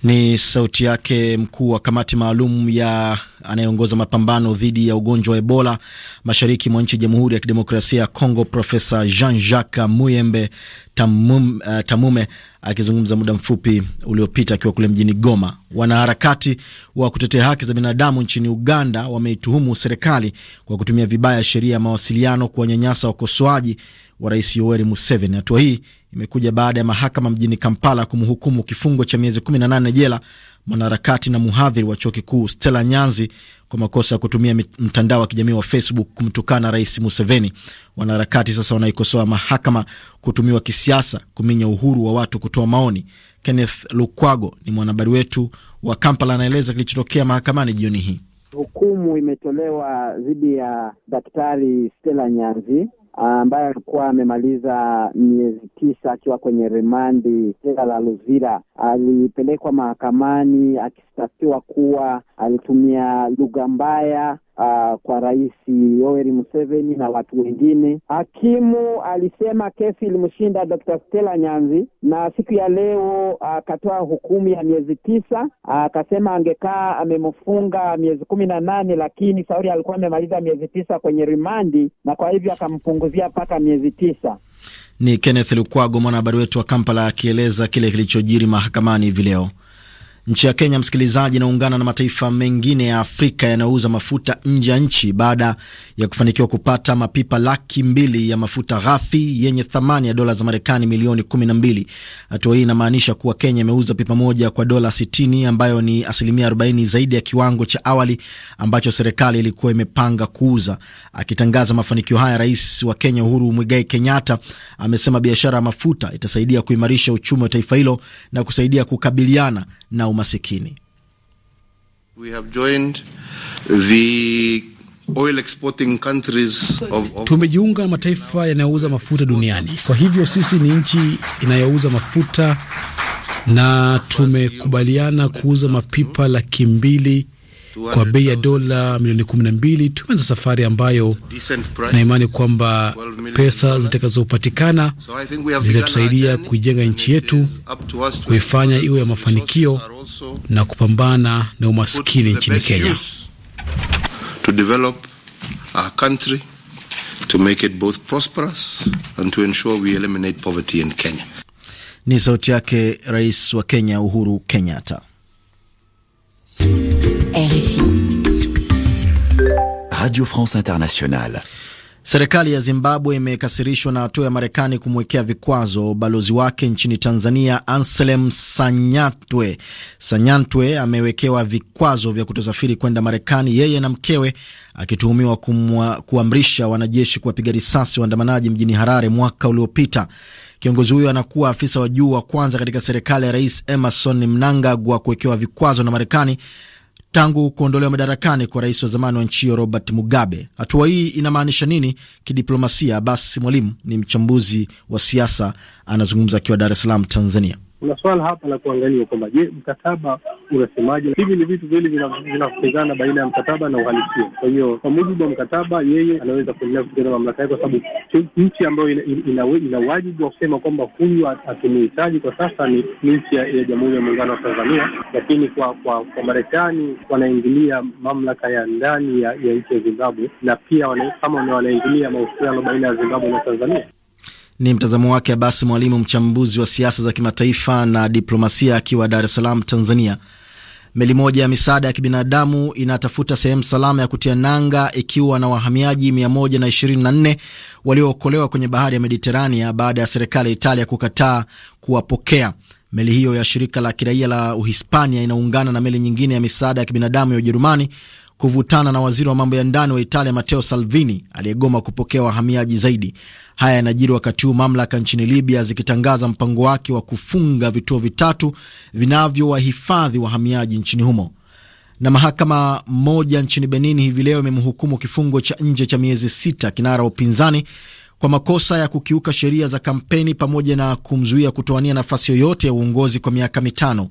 S1: Ni sauti yake mkuu wa kamati maalum ya anayeongoza mapambano dhidi ya ugonjwa wa Ebola mashariki mwa nchi Jamhuri ya Kidemokrasia ya Kongo, Profesa Jean-Jacques Muyembe Tamume, uh, Tamume akizungumza muda mfupi uliopita akiwa kule mjini Goma. Wanaharakati wa kutetea haki za binadamu nchini Uganda wameituhumu serikali kwa kutumia vibaya sheria ya mawasiliano kuwanyanyasa wakosoaji wa Rais Yoweri Museveni. Hatua hii imekuja baada ya mahakama mjini Kampala kumhukumu kifungo cha miezi 18 jela mwanaharakati na mhadhiri wa chuo kikuu Stella Nyanzi kwa makosa ya kutumia mtandao wa kijamii wa Facebook kumtukana Rais Museveni. Wanaharakati sasa wanaikosoa mahakama kutumiwa kisiasa kuminya uhuru wa watu kutoa maoni. Kenneth Lukwago ni mwanahabari wetu wa Kampala, anaeleza kilichotokea mahakamani jioni hii.
S7: Hukumu imetolewa dhidi ya Daktari Stella Nyanzi ambaye alikuwa amemaliza miezi tisa akiwa kwenye remandi jela la Luzira. Alipelekwa mahakamani akishtakiwa kuwa alitumia lugha mbaya uh, kwa Rais Yoweri Museveni na watu wengine. Hakimu alisema kesi ilimshinda Dr. Stella Nyanzi, na siku ya leo ah, akatoa uh, hukumu ya miezi tisa. Ah, akasema uh, angekaa amemfunga miezi kumi na nane, lakini Sauri alikuwa amemaliza miezi tisa kwenye rimandi, na kwa hivyo akampunguzia mpaka miezi tisa.
S1: Ni Kenneth Lukwago, mwanahabari wetu wa Kampala, akieleza kile kilichojiri mahakamani hivi leo. Nchi ya Kenya, msikilizaji, inaungana na mataifa mengine ya Afrika yanayouza mafuta nje ya nchi baada ya kufanikiwa kupata mapipa laki mbili ya mafuta ghafi yenye thamani ya dola za Marekani milioni kumi na mbili. Hatua hii inamaanisha kuwa Kenya imeuza pipa moja kwa dola 60, ambayo ni asilimia 40 zaidi ya kiwango cha awali ambacho serikali ilikuwa imepanga kuuza. Akitangaza mafanikio haya, rais wa Kenya Uhuru Mwigai Kenyatta amesema biashara ya mafuta itasaidia kuimarisha uchumi wa taifa hilo na kusaidia kukabiliana na umasikini.
S10: Of... tumejiunga na mataifa yanayouza mafuta duniani, kwa hivyo sisi ni nchi inayouza mafuta na tumekubaliana kuuza mapipa laki mbili kwa bei ya dola milioni 12. Tumeanza safari ambayo na imani kwamba pesa zitakazopatikana zitatusaidia kuijenga nchi yetu, kuifanya iwe ya mafanikio na kupambana na umaskini nchini Kenya.
S1: Ni sauti yake Rais wa Kenya Uhuru Kenyatta.
S13: RFI.
S1: Radio France Internationale. Serikali ya Zimbabwe imekasirishwa na hatua ya Marekani kumwekea vikwazo balozi wake nchini Tanzania, Anselm Sanyantwe. Sanyantwe amewekewa vikwazo vya kutosafiri kwenda Marekani, yeye na mkewe, akituhumiwa kuamrisha wanajeshi kuwapiga risasi waandamanaji mjini Harare mwaka uliopita. Kiongozi huyo anakuwa afisa wa juu wa kwanza katika serikali ya Rais Emerson Mnangagwa kuwekewa vikwazo na Marekani tangu kuondolewa madarakani kwa rais wa zamani wa nchi hiyo Robert Mugabe. Hatua hii inamaanisha nini kidiplomasia? basi Mwalimu ni mchambuzi wa siasa, anazungumza akiwa Dar es Salaam, Tanzania
S9: kuna swala hapa la kuangalia kwamba je, mkataba unasemaje? Hivi ni vitu vile vinapingana baina ya mkataba na uhalisia. Kwa hiyo kwa mujibu wa mkataba, yeye anaweza kuendelea kutenda mamlaka yake, kwa sababu nchi ambayo ina, ina, ina wajibu wa kusema kwamba huyu hatumuhitaji kwa sasa ni nchi ya Jamhuri ya Muungano wa Tanzania, lakini kwa kwa, kwa Marekani wanaingilia mamlaka ya ndani ya nchi ya Zimbabwe na pia wana, kama wanaingilia mahusiano baina ya Zimbabwe na Tanzania.
S1: Ni mtazamo wake Abasi Mwalimu, mchambuzi wa siasa za kimataifa na diplomasia, akiwa Dar es Salaam, Tanzania. Meli moja ya misaada ya kibinadamu inatafuta sehemu salama ya kutia nanga ikiwa na wahamiaji 124 waliookolewa kwenye bahari ya Mediterania baada ya serikali ya Italia kukataa kuwapokea. Meli hiyo ya shirika la kiraia la Uhispania inaungana na meli nyingine ya misaada ya kibinadamu ya Ujerumani kuvutana na waziri wa mambo ya ndani wa Italia Matteo Salvini aliyegoma kupokea wahamiaji zaidi. Haya yanajiri wakati huu mamlaka nchini Libya zikitangaza mpango wake wa kufunga vituo vitatu vinavyowahifadhi wahamiaji nchini humo. Na mahakama moja nchini Benin hivi leo imemhukumu kifungo cha nje cha miezi sita kinara wa upinzani kwa makosa ya kukiuka sheria za kampeni pamoja na kumzuia kutoania nafasi yoyote ya uongozi kwa miaka mitano.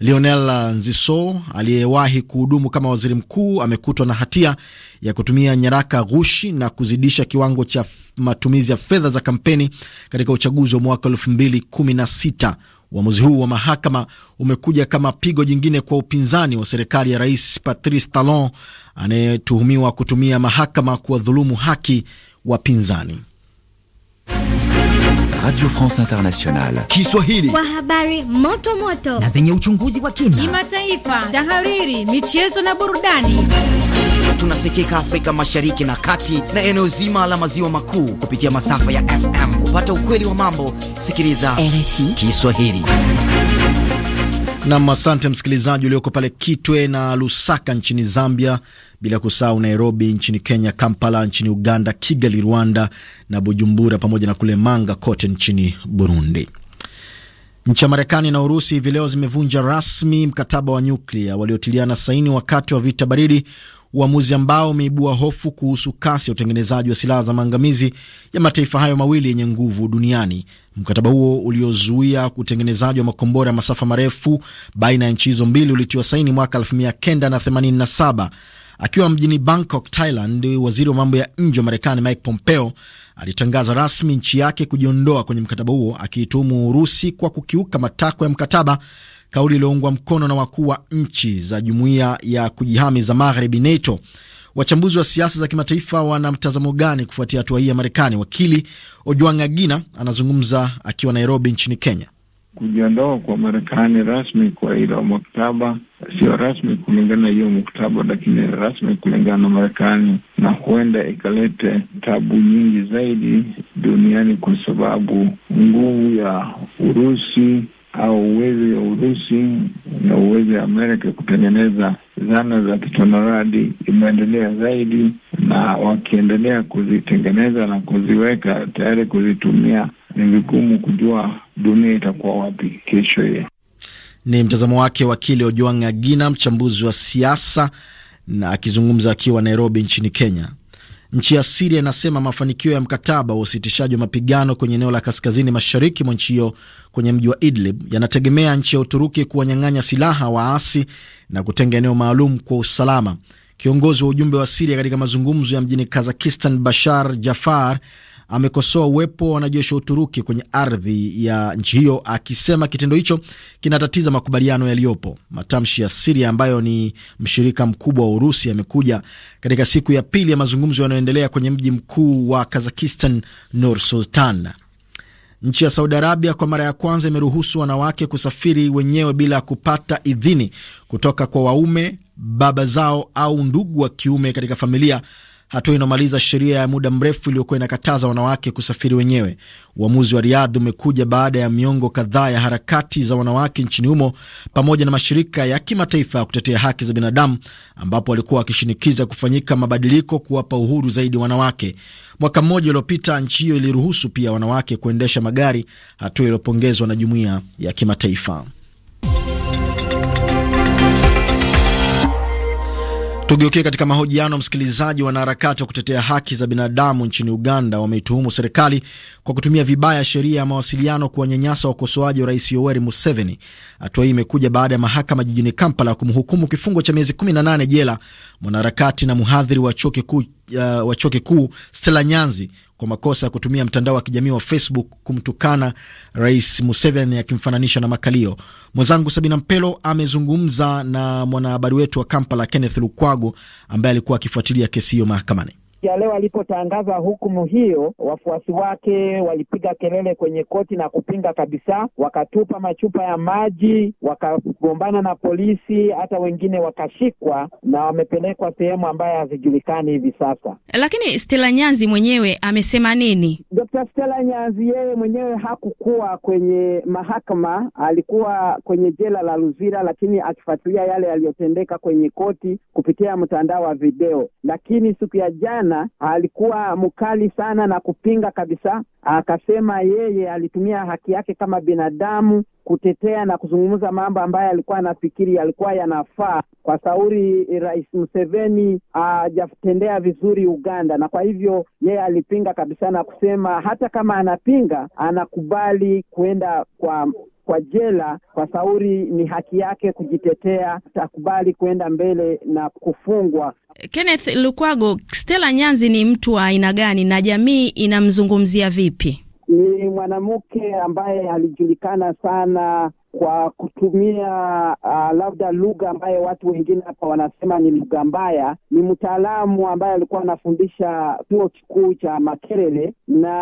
S1: Lionel Nziso aliyewahi kuhudumu kama waziri mkuu amekutwa na hatia ya kutumia nyaraka ghushi na kuzidisha kiwango cha matumizi ya fedha za kampeni katika uchaguzi wa mwaka e216 Uamuzi huu wa mahakama umekuja kama pigo jingine kwa upinzani wa serikali ya Rais Patrice Talon anayetuhumiwa kutumia mahakama kuwadhulumu haki wapinzani. Radio France Internationale Kiswahili,
S11: kwa habari moto moto na
S1: zenye uchunguzi wa kina,
S11: kimataifa, tahariri, michezo na burudani.
S2: Tunasikika Afrika Mashariki na Kati na eneo zima la maziwa makuu kupitia masafa ya FM. Kupata ukweli wa mambo,
S1: sikiliza RFI Kiswahili. Nam, asante msikilizaji ulioko pale Kitwe na Lusaka nchini Zambia bila kusahau Nairobi nchini Kenya, Kampala nchini Uganda, Kigali Rwanda na Bujumbura pamoja na kule Manga kote nchini Burundi. Nchi ya Marekani na Urusi hivi leo zimevunja rasmi mkataba wa nyuklia waliotiliana saini wakati wa vita baridi, uamuzi ambao umeibua hofu kuhusu kasi ya utengenezaji wa silaha za maangamizi ya mataifa hayo mawili yenye nguvu duniani. Mkataba huo uliozuia utengenezaji wa makombora ya masafa marefu baina ya nchi hizo mbili ulitiwa saini mwaka 1987 Akiwa mjini Bangkok, Thailand, waziri wa mambo ya nje wa Marekani Mike Pompeo alitangaza rasmi nchi yake kujiondoa kwenye mkataba huo, akiituhumu Urusi kwa kukiuka matakwa ya mkataba, kauli iliyoungwa mkono na wakuu wa nchi za jumuiya ya kujihami za magharibi NATO. Wachambuzi wa siasa za kimataifa wana mtazamo gani kufuatia hatua hii ya Marekani? Wakili Ojwang Agina anazungumza akiwa Nairobi nchini Kenya.
S4: Kujiondoa kwa Marekani rasmi kwa hilo mkataba sio rasmi kulingana na hiyo muktaba, lakini rasmi kulingana na Marekani, na huenda ikalete tabu nyingi zaidi duniani kwa sababu nguvu ya Urusi au uwezo wa Urusi na uwezo wa Amerika kutengeneza zana za kitonoradi imeendelea zaidi, na wakiendelea kuzitengeneza na kuziweka tayari kuzitumia, ni vigumu kujua dunia itakuwa wapi kesho. Hiyo
S1: ni mtazamo wake wakili Ojuang Agina, mchambuzi wa siasa na akizungumza akiwa Nairobi nchini Kenya. Nchi ya Siria inasema mafanikio ya mkataba wa usitishaji wa mapigano kwenye eneo la kaskazini mashariki mwa nchi hiyo kwenye mji wa Idlib yanategemea nchi ya Uturuki kuwanyang'anya silaha waasi na kutenga eneo maalum kwa usalama. Kiongozi wa ujumbe wa Siria katika mazungumzo ya mjini Kazakistan, Bashar Jafar amekosoa uwepo wa wanajeshi wa Uturuki kwenye ardhi ya nchi hiyo, akisema kitendo hicho kinatatiza makubaliano yaliyopo. Matamshi ya Siria ambayo ni mshirika mkubwa wa Urusi yamekuja katika siku ya pili ya mazungumzo yanayoendelea kwenye mji mkuu wa Kazakistan, Nur Sultan. Nchi ya Saudi Arabia kwa mara ya kwanza imeruhusu wanawake kusafiri wenyewe bila kupata idhini kutoka kwa waume, baba zao au ndugu wa kiume katika familia hatua inayomaliza sheria ya muda mrefu iliyokuwa inakataza wanawake kusafiri wenyewe. Uamuzi wa Riadh umekuja baada ya miongo kadhaa ya harakati za wanawake nchini humo pamoja na mashirika ya kimataifa ya kutetea haki za binadamu, ambapo walikuwa wakishinikiza kufanyika mabadiliko kuwapa uhuru zaidi wanawake. Mwaka mmoja uliopita, nchi hiyo iliruhusu pia wanawake kuendesha magari, hatua iliyopongezwa na jumuiya ya kimataifa. Tugeukie katika mahojiano, msikilizaji. Wanaharakati wa kutetea haki za binadamu nchini Uganda wameituhumu serikali kwa kutumia vibaya sheria ya mawasiliano kuwanyanyasa wakosoaji wa rais Yoweri Museveni. Hatua hii imekuja baada ya mahakama jijini Kampala kumhukumu kifungo cha miezi 18 jela mwanaharakati na mhadhiri wa chuo kikuu uh, wa chuo kikuu Stella Nyanzi kwa makosa ya kutumia mtandao wa kijamii wa Facebook kumtukana Rais Museveni akimfananisha na makalio. Mwenzangu Sabina Mpelo amezungumza na mwanahabari wetu wa Kampala Kenneth Lukwago ambaye alikuwa akifuatilia kesi hiyo mahakamani
S7: ya leo alipotangaza hukumu hiyo, wafuasi wake walipiga kelele kwenye koti na kupinga kabisa, wakatupa machupa ya maji, wakagombana na polisi, hata wengine wakashikwa na wamepelekwa sehemu ambayo hazijulikani hivi sasa. Lakini Stella Nyanzi mwenyewe amesema nini? Dr. Stella Nyanzi yeye mwenyewe hakukuwa kwenye mahakama, alikuwa kwenye jela la Luzira, lakini akifuatilia yale yaliyotendeka kwenye koti kupitia mtandao wa video, lakini siku ya jana sana, alikuwa mkali sana na kupinga kabisa. Akasema yeye alitumia haki yake kama binadamu kutetea na kuzungumza mambo ambayo alikuwa anafikiri yalikuwa yanafaa kwa sauri. Rais Museveni hajatendea vizuri Uganda, na kwa hivyo yeye alipinga kabisa na kusema hata kama anapinga anakubali kuenda kwa kwa jela kwa sauri ni haki yake kujitetea, takubali kuenda mbele na kufungwa.
S11: Kenneth Lukwago, Stella Nyanzi ni mtu wa aina gani na jamii inamzungumzia vipi?
S7: Ni mwanamke ambaye alijulikana sana kwa kutumia uh, labda lugha ambayo watu wengine hapa wanasema ni lugha mbaya. Ni mtaalamu ambaye alikuwa anafundisha chuo kikuu cha Makerere, na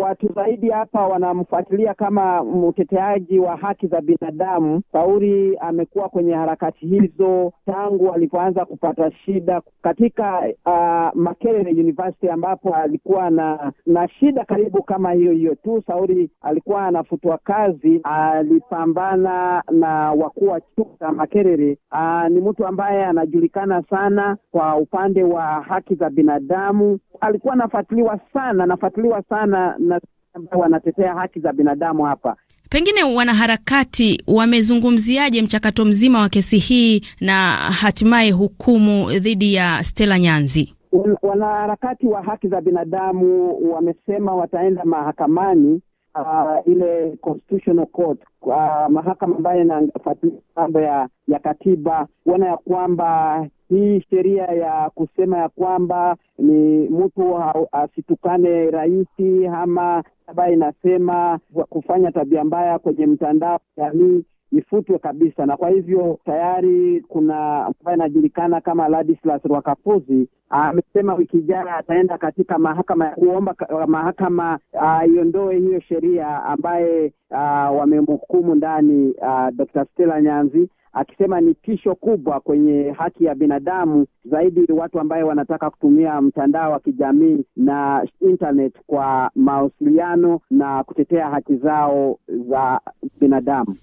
S7: watu zaidi hapa wanamfuatilia kama mteteaji wa haki za binadamu. Sauri amekuwa kwenye harakati hizo tangu alipoanza kupata shida katika uh, Makerere University ambapo alikuwa na na shida karibu kama hiyo hiyo tu. Sauri alikuwa anafutwa kazi, alipambana sana na wakuu wa chuka Makerere. Aa, ni mtu ambaye anajulikana sana kwa upande wa haki za binadamu. Alikuwa anafuatiliwa sana, anafuatiliwa sana na ambao wanatetea haki za binadamu hapa.
S11: Pengine wanaharakati wamezungumziaje mchakato mzima wa kesi hii na hatimaye hukumu dhidi ya Stella Nyanzi?
S7: Wanaharakati wa haki za binadamu wamesema wataenda mahakamani uh, ile Constitutional Court uh, mahakama ambayo inafuatilia mambo ya, ya katiba kuona ya kwamba hii sheria ya kusema ya kwamba ni mtu asitukane rahisi ama ambayo inasema kufanya tabia mbaya kwenye mtandao jamii ifutwe kabisa, na kwa hivyo tayari kuna ambaye anajulikana kama Ladislas rwakapuzi ah, amesema wiki jana ataenda katika mahakama ya kuomba ah, mahakama aiondoe ah, hiyo sheria ambaye wamemhukumu ndani Dr. stela Nyanzi akisema ni tisho kubwa kwenye haki ya binadamu, zaidi watu ambaye wanataka kutumia mtandao wa kijamii na internet kwa mawasiliano na kutetea haki zao za binadamu.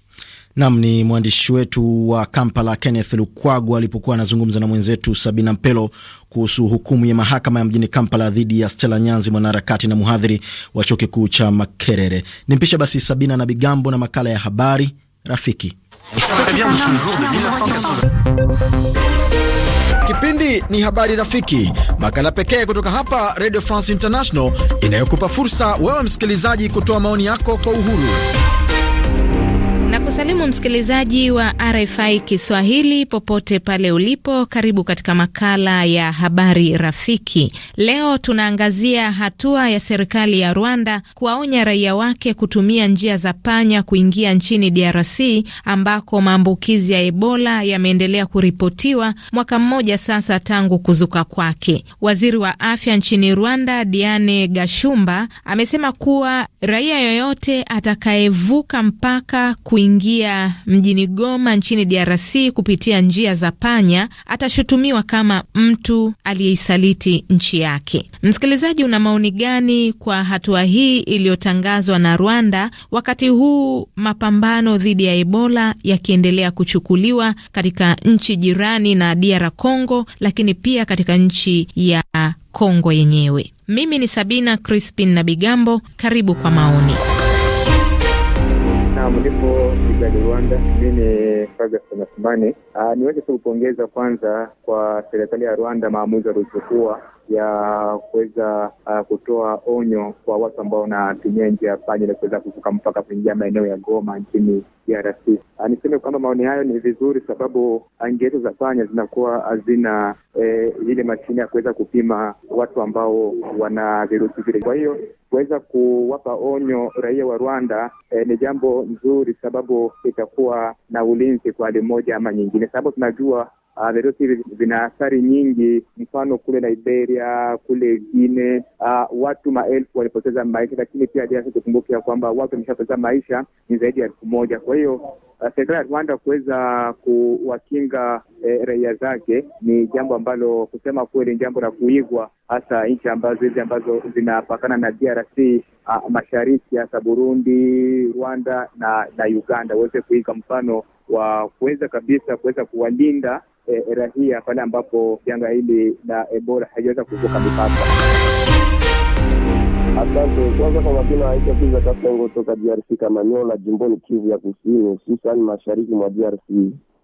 S1: Nam ni mwandishi wetu wa Kampala, Kenneth Lukwago alipokuwa anazungumza na mwenzetu Sabina Mpelo kuhusu hukumu ya mahakama ya mjini Kampala dhidi ya Stella Nyanzi, mwanaharakati na mhadhiri wa chuo kikuu cha Makerere. Ni mpisha basi Sabina na Bigambo na makala ya habari rafiki. Kipindi ni habari rafiki, makala pekee kutoka hapa Radio France International inayokupa fursa wewe msikilizaji kutoa maoni yako kwa uhuru
S5: salimu msikilizaji wa RFI Kiswahili popote pale ulipo, karibu katika makala ya habari rafiki. Leo tunaangazia hatua ya serikali ya Rwanda kuwaonya raia wake kutumia njia za panya kuingia nchini DRC ambako maambukizi ya Ebola yameendelea kuripotiwa mwaka mmoja sasa tangu kuzuka kwake. Waziri wa afya nchini Rwanda Diane Gashumba amesema kuwa raia yoyote atakayevuka mpaka kuingia kuingia mjini Goma nchini DRC kupitia njia za panya atashutumiwa kama mtu aliyeisaliti nchi yake. Msikilizaji, una maoni gani kwa hatua hii iliyotangazwa na Rwanda wakati huu mapambano dhidi ya Ebola yakiendelea kuchukuliwa katika nchi jirani na DR Congo, lakini pia katika nchi ya Kongo yenyewe? Mimi ni Sabina Crispin na Bigambo, karibu kwa maoni.
S14: Naam, nipo Kigali, Rwanda. Mi ni Ferguson Asumani. Ah, niweze tu kupongeza kwanza kwa serikali ya Rwanda maamuzi waliochukua ya kuweza uh, kutoa onyo kwa watu ambao wanatumia njia ya panya ili kuweza kuvuka mpaka kuingia maeneo ya Goma nchini DRC. Uh, ah, niseme kwamba maoni hayo ni vizuri, sababu njia hizo za panya zinakuwa hazina eh, ile mashine ya kuweza kupima watu ambao wana virusi vile, kwa hiyo kuweza kuwapa onyo raia wa Rwanda eh, ni jambo nzuri, sababu itakuwa na ulinzi kwa hali moja ama nyingine, sababu tunajua Uh, virusi hivi vina athari nyingi, mfano kule Liberia, kule Guine, uh, ah, watu maelfu walipoteza maisha, lakini pia jana tukumbuke ya kwamba watu wameshapoteza maisha ni zaidi ya elfu moja. Kwa hiyo uh, serikali ya Rwanda kuweza kuwakinga e, raia zake ni jambo ambalo kusema kweli ni jambo la kuigwa, hasa nchi ambazo hizi ambazo zinapakana na DRC a, ah, mashariki, hasa Burundi, Rwanda na na Uganda, waweze kuiga mfano wa kuweza kabisa kuweza kuwalinda e, raia pale ambapo janga hili la Ebola haijaweza kuvuka mipaka.
S15: Asante. Kwanza kwa majina aisha kiza Kasongo toka DRC Kamanyola, jimboni Kivu ya Kusini, hususani mashariki mwa DRC.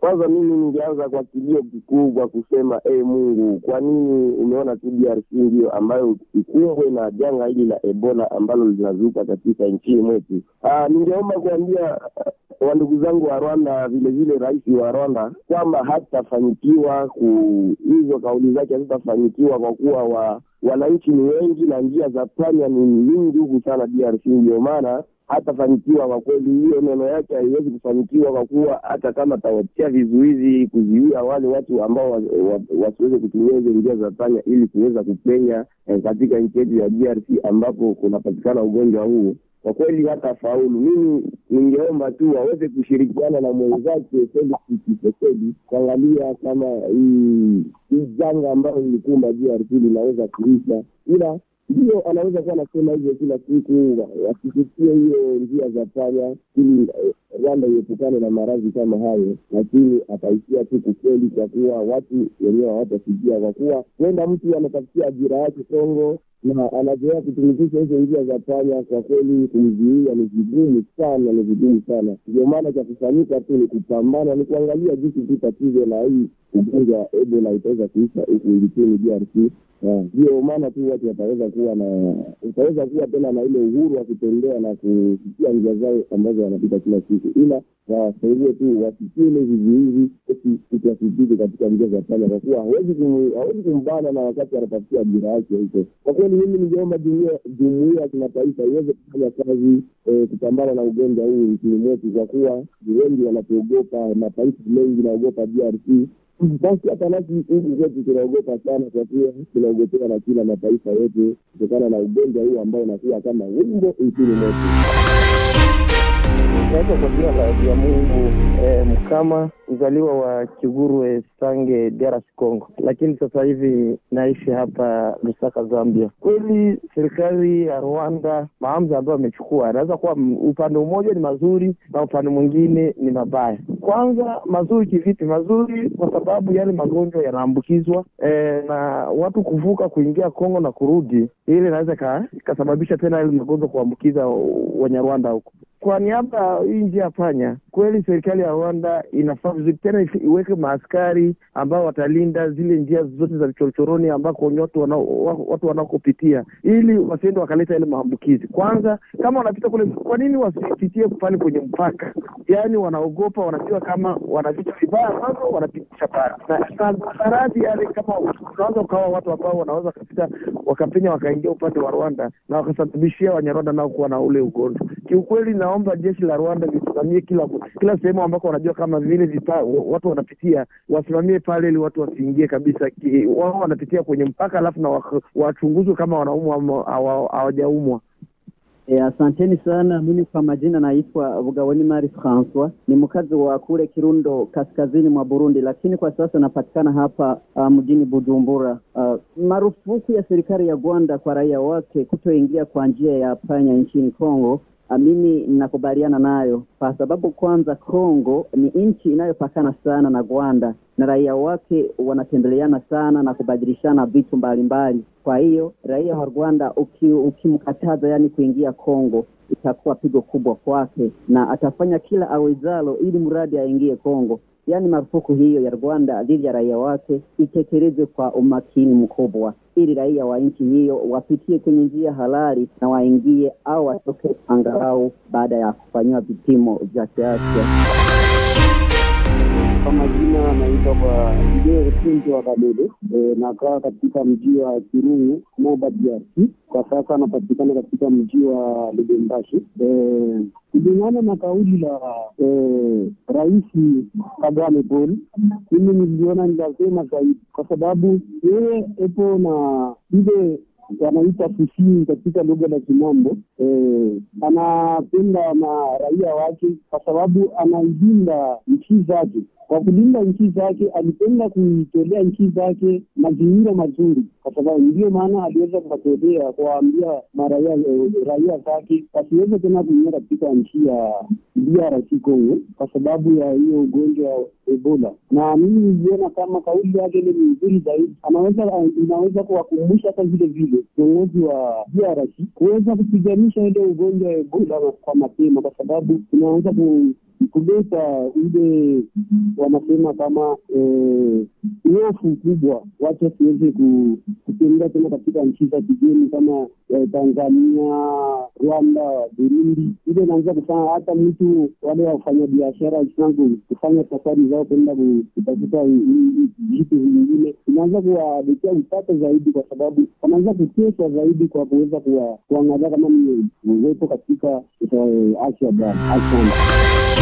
S15: Kwanza mimi ningeanza kwa kilio kikubwa kusema e eh, hey, Mungu, kwa nini umeona tu DRC ndiyo ambayo ikumbwe na janga hili la Ebola ambalo linazuka katika nchini mwetu. Ah, ningeomba kuambia ah, wa ndugu zangu wa Rwanda, vilevile rais wa Rwanda kwamba hatafanikiwa ku hizo kauli zake hazitafanikiwa kwa kuwa wa wananchi ni wengi na njia za panya ni nyingi huku sana DRC, ndio maana hatafanikiwa kwa kweli. Hiyo neno yake haiwezi kufanikiwa kwa kuwa hata kama atawatia vizuizi kuzuia wale watu ambao wasiweze kutumia hizo njia za panya ili kuweza kupenya eh, katika nchi yetu ya DRC ambapo kunapatikana ugonjwa huu kwa kweli hata faulu Mimi ningeomba tu waweze kushirikiana na mwenzake Felix Tshisekedi kuangalia kama hii janga ambayo ilikumba DRC linaweza kuisha, ila ndio anaweza kuwa anasema hivyo kila siku, wasikitie hiyo njia za panya ili Rwanda iepukane na maradhi kama hayo, lakini ataishia tu kukeli kwa kuwa watu wenyewe hawatasikia, kwa kuwa huenda mtu anatafutia ajira yake Kongo na anazoea kutumikisha hizo njia za panya, kwa kweli kumzuia ni vigumu sana, ni vigumu sana. Ndio maana cha kufanyika tu ni kupambana, ni kuangalia jinsi tu tatizo la hii ugonjwa wa Ebola itaweza kuisha huku nchini DRC ndio maana tu watu wataweza kuwa na utaweza kuwa tena na ile uhuru wa kutembea na kupitia njia zao ambazo wanapita kila siku, ila wasaidie tu wasikile vizuizi eti wasipite katika njia za panya, kwa kuwa hawezi kumbana na wakati anatafutia ajira yake huko. Kwa kweli, mimi ningeomba jumuia ya kimataifa iweze kufanya kazi eh, kupambana na ugonjwa huu nchini mwetu, kwa kuwa wengi wanatuogopa, mataifa mengi naogopa DRC basi hata nasi tunaogopa sana, kwa kuwa tunaogopea na kila mataifa yote kutokana na ugonjwa huu ambao unakuwa kama wimbo nchini mwetu. Naitwa kwa jina la vya Mungu eh, Mkama, mzaliwa wa Kigurwe
S16: Sange, DRC Congo, lakini sasa hivi naishi hapa Lusaka, Zambia. Kweli serikali ya Rwanda maamuzi ambayo amechukua anaweza kuwa upande mmoja ni mazuri na upande mwingine ni mabaya. Kwanza mazuri kivipi? Mazuri kwa sababu yale magonjwa yanaambukizwa eh, na watu kuvuka kuingia Kongo na kurudi, ile inaweza ikasababisha tena yale magonjwa kuambukiza Wanyarwanda huko kwa niaba hii njia panya, kweli serikali ya Rwanda inafaa vizuri tena, iweke maaskari ambao watalinda zile njia zote za vichorochoroni ambako watu wanakopitia, ili wasiende wakaleta ile maambukizi. Kwanza kama wanapita kule, kwa nini wasipitie pale kwenye mpaka? Yaani wanaogopa, wanajua kama wanapita vibaya, kwanza wanapitisha bara na yale, yaani kama unaweza ukawa watu ambao wanaweza wakapita wakapenya wakaingia upande wa Rwanda na wakasababishia Wanyarwanda nao kuwa na ule ugonjwa kiukweli na inaomba jeshi la Rwanda lisimamie kila kila sehemu ambako wanajua kama vile vipa, watu wanapitia, wasimamie pale ili watu wasiingie kabisa. Wao wanapitia kwenye mpaka, alafu na wachunguzwe
S7: kama wanaumwa hawajaumwa. E, asanteni sana. Mimi kwa majina naitwa Bugaboni Mari Francois, ni mkazi wa kule Kirundo kaskazini mwa Burundi, lakini kwa sasa napatikana hapa uh, mjini Bujumbura. Uh, marufuku ya serikali ya Rwanda kwa raia wake kutoingia kwa njia ya panya nchini Kongo Ah, mimi ninakubaliana nayo kwa sababu kwanza, Kongo ni nchi inayopakana sana na gwanda na raia wake wanatembeleana sana na kubadilishana vitu mbalimbali. Kwa hiyo raia wa Rwanda ukimkataza, uki yani kuingia Kongo, itakuwa pigo kubwa kwake, na atafanya kila awezalo ili mradi aingie Kongo yaani marufuku hiyo ya Rwanda dhidi ya raia wake itekelezwe kwa umakini mkubwa, ili raia wa nchi hiyo wapitie kwenye njia halali na waingie au watoke angalau baada ya kufanyiwa vipimo vya kiafya. Kwa majina anaitwa
S15: kwa Jeo Tuntu wa Kadudu, e, nakaa katika mji wa Kirungu, Moba, DRC. Kwa sasa anapatikana katika mji wa Lubumbashi. E, kulingana na kauli la e, Rais Kagame Paul, mimi niliona nitasema zaidi, kwa sababu yeye epo na ile wanaita fusii katika lugha la Kimombo. E, anapenda na raia wake kwa sababu anailinda nchi zake. Kwa kulinda nchi zake, alipenda kuitolea nchi zake mazingira mazuri, kwa sababu ndiyo maana aliweza kuwatolea kuwaambia maraia eh, raia zake wasiweze tena kuingia katika nchi ya DRC Congo kwa sababu ya hiyo ugonjwa wa Ebola. Na mimi niliona kama kauli yake ile ni nzuri zaidi, anaweza inaweza kuwakumbusha hata vile vile viongozi wa DRC kuweza kupiganisha ile ugonjwa wa Ebola kwa mapema, kwa sababu inaweza kuleta ile wanasema kama nyafu eh, e, kubwa, wacha tuweze kutembea tena katika nchi za kigeni kama e, Tanzania, Rwanda, Burundi. Ile inaanza kufanya hata mtu wale wafanyabiashara wangu kufanya safari zao kwenda kutafuta vitu vingine, inaanza kuwaletea upata zaidi, kwa sababu wanaanza kuteswa zaidi kwa kuweza kuangalia kama ni uwepo katika eh, afya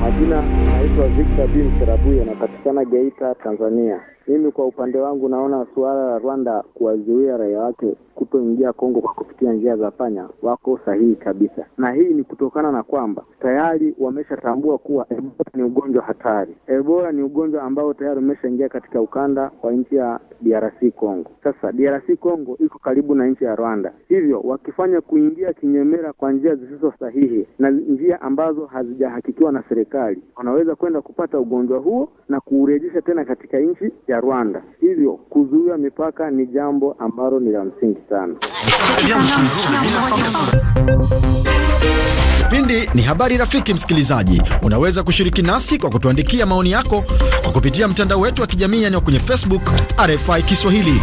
S14: majina naitwa Victor bin Serabuye, napatikana Geita, Tanzania. Mimi kwa upande wangu naona suala la Rwanda kuwazuia raia wake kutoingia Kongo kwa kupitia njia za panya wako sahihi kabisa, na hii ni kutokana na kwamba tayari wameshatambua kuwa Ebola ni ugonjwa hatari. Ebola ni ugonjwa ambao tayari umeshaingia katika ukanda wa nchi ya DRC kongo Sasa DRC kongo iko karibu na nchi ya Rwanda, hivyo wakifanya kuingia kinyemera kwa njia zisizo sahihi na njia ambazo hazijahakikiwa na serikali serikali wanaweza kwenda kupata ugonjwa huo na kuurejesha tena katika nchi ya Rwanda. Hivyo kuzuia mipaka ni jambo ambalo ni
S1: la msingi sana. Kipindi ni habari. Rafiki msikilizaji, unaweza kushiriki nasi kwa kutuandikia maoni yako kwa kupitia mtandao wetu wa kijamii, yaani kwenye Facebook RFI Kiswahili.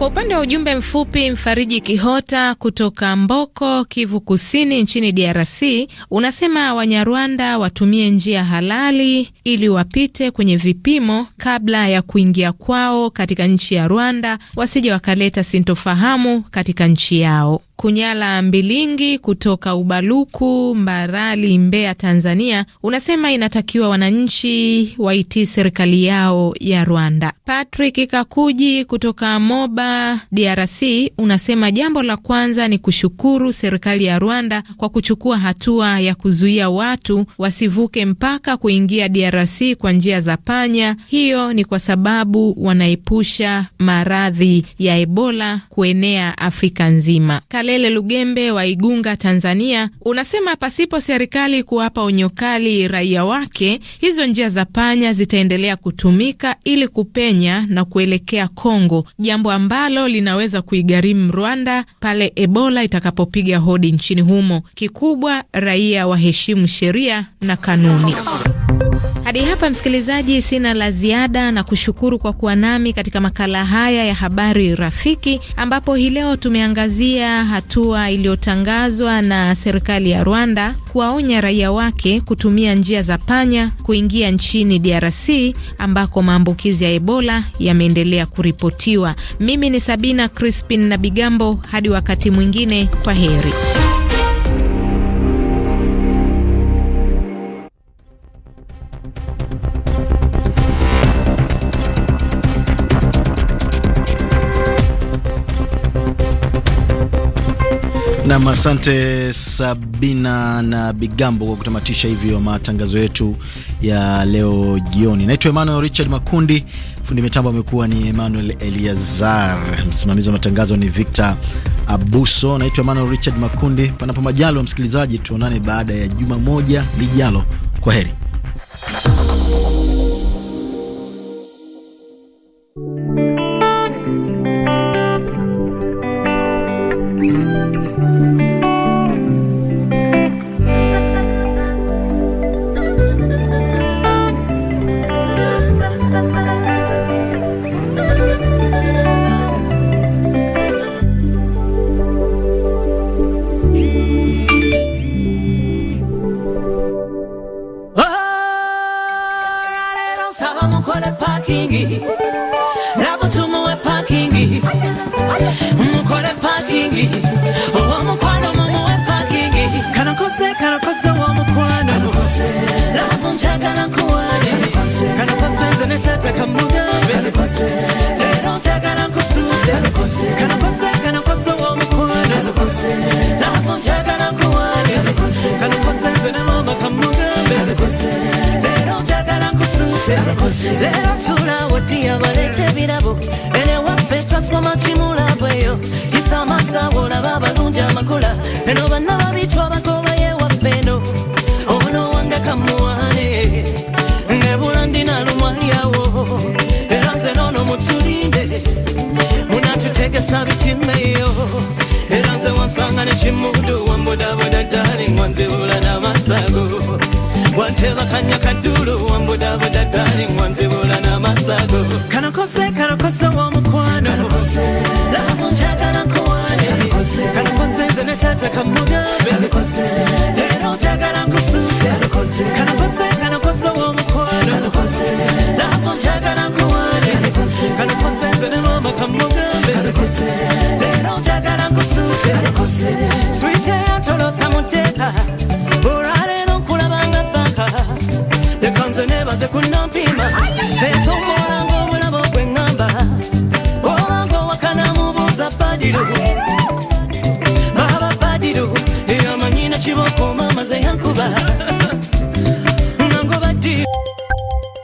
S5: Kwa upande wa ujumbe mfupi, Mfariji Kihota kutoka Mboko, Kivu Kusini, nchini DRC unasema Wanyarwanda watumie njia halali ili wapite kwenye vipimo kabla ya kuingia kwao katika nchi ya Rwanda, wasije wakaleta sintofahamu katika nchi yao. Kunyala Mbilingi kutoka Ubaluku, Mbarali, Mbeya, Tanzania, unasema inatakiwa wananchi waitii serikali yao ya Rwanda. Patrick Kakuji kutoka Moba, DRC, unasema jambo la kwanza ni kushukuru serikali ya Rwanda kwa kuchukua hatua ya kuzuia watu wasivuke mpaka kuingia DRC kwa njia za panya. Hiyo ni kwa sababu wanaepusha maradhi ya Ebola kuenea Afrika nzima Kale Kalele Lugembe wa Igunga, Tanzania, unasema pasipo serikali kuwapa onyo kali raia wake, hizo njia za panya zitaendelea kutumika ili kupenya na kuelekea Kongo, jambo ambalo linaweza kuigharimu Rwanda pale Ebola itakapopiga hodi nchini humo. Kikubwa raia waheshimu sheria na kanuni. Hadi hapa msikilizaji, sina la ziada na kushukuru kwa kuwa nami katika makala haya ya habari rafiki, ambapo hii leo tumeangazia hatua iliyotangazwa na serikali ya Rwanda kuwaonya raia wake kutumia njia za panya kuingia nchini DRC ambako maambukizi ya Ebola yameendelea kuripotiwa. Mimi ni Sabina Crispin na Bigambo, hadi wakati mwingine, kwa heri.
S1: Nam, asante Sabina na Bigambo kwa kutamatisha hivyo matangazo yetu ya leo jioni. Naitwa Emmanuel Richard Makundi, fundi mitambo amekuwa ni Emmanuel Eliazar, msimamizi wa matangazo ni Victor Abuso. Naitwa Emmanuel Richard Makundi. Panapo majalo wa msikilizaji, tuonane baada ya juma moja lijalo. Kwa heri.
S8: parking rabo tumuwe parking mukore parking uwo mukwano mumuwe parking karakose karakose uwo mukwano rabo njagala kuwane karakose nze necatse kamugabe rero njagala kusuze karakose karakose uwo mukwano leero tulawo tiyabaleete birabo enewaffe twasoma kimulabo eyo isa amasaabo olaba abalungi amakula eno banna babitw abagoba yewaffe eno obunowanga kamuwane nebula ndinalumwalyawo era nze noono mutulinde munatutegesa bitimeyo era nze wansanga nekimudu wambudabudadali nga nzibula n'amasago gwatebakanya kaddulu you ddali ngwanzibula n'amasago kanokose kanokose w'omukwano lavu njagala nkuwane kanokose nze nekyateka mugambe leero njagala nkusuute kanokose kanokose w'omukwano lavu njagala nkuwane kanokose nze ne maama kamugambe leero maze kunampima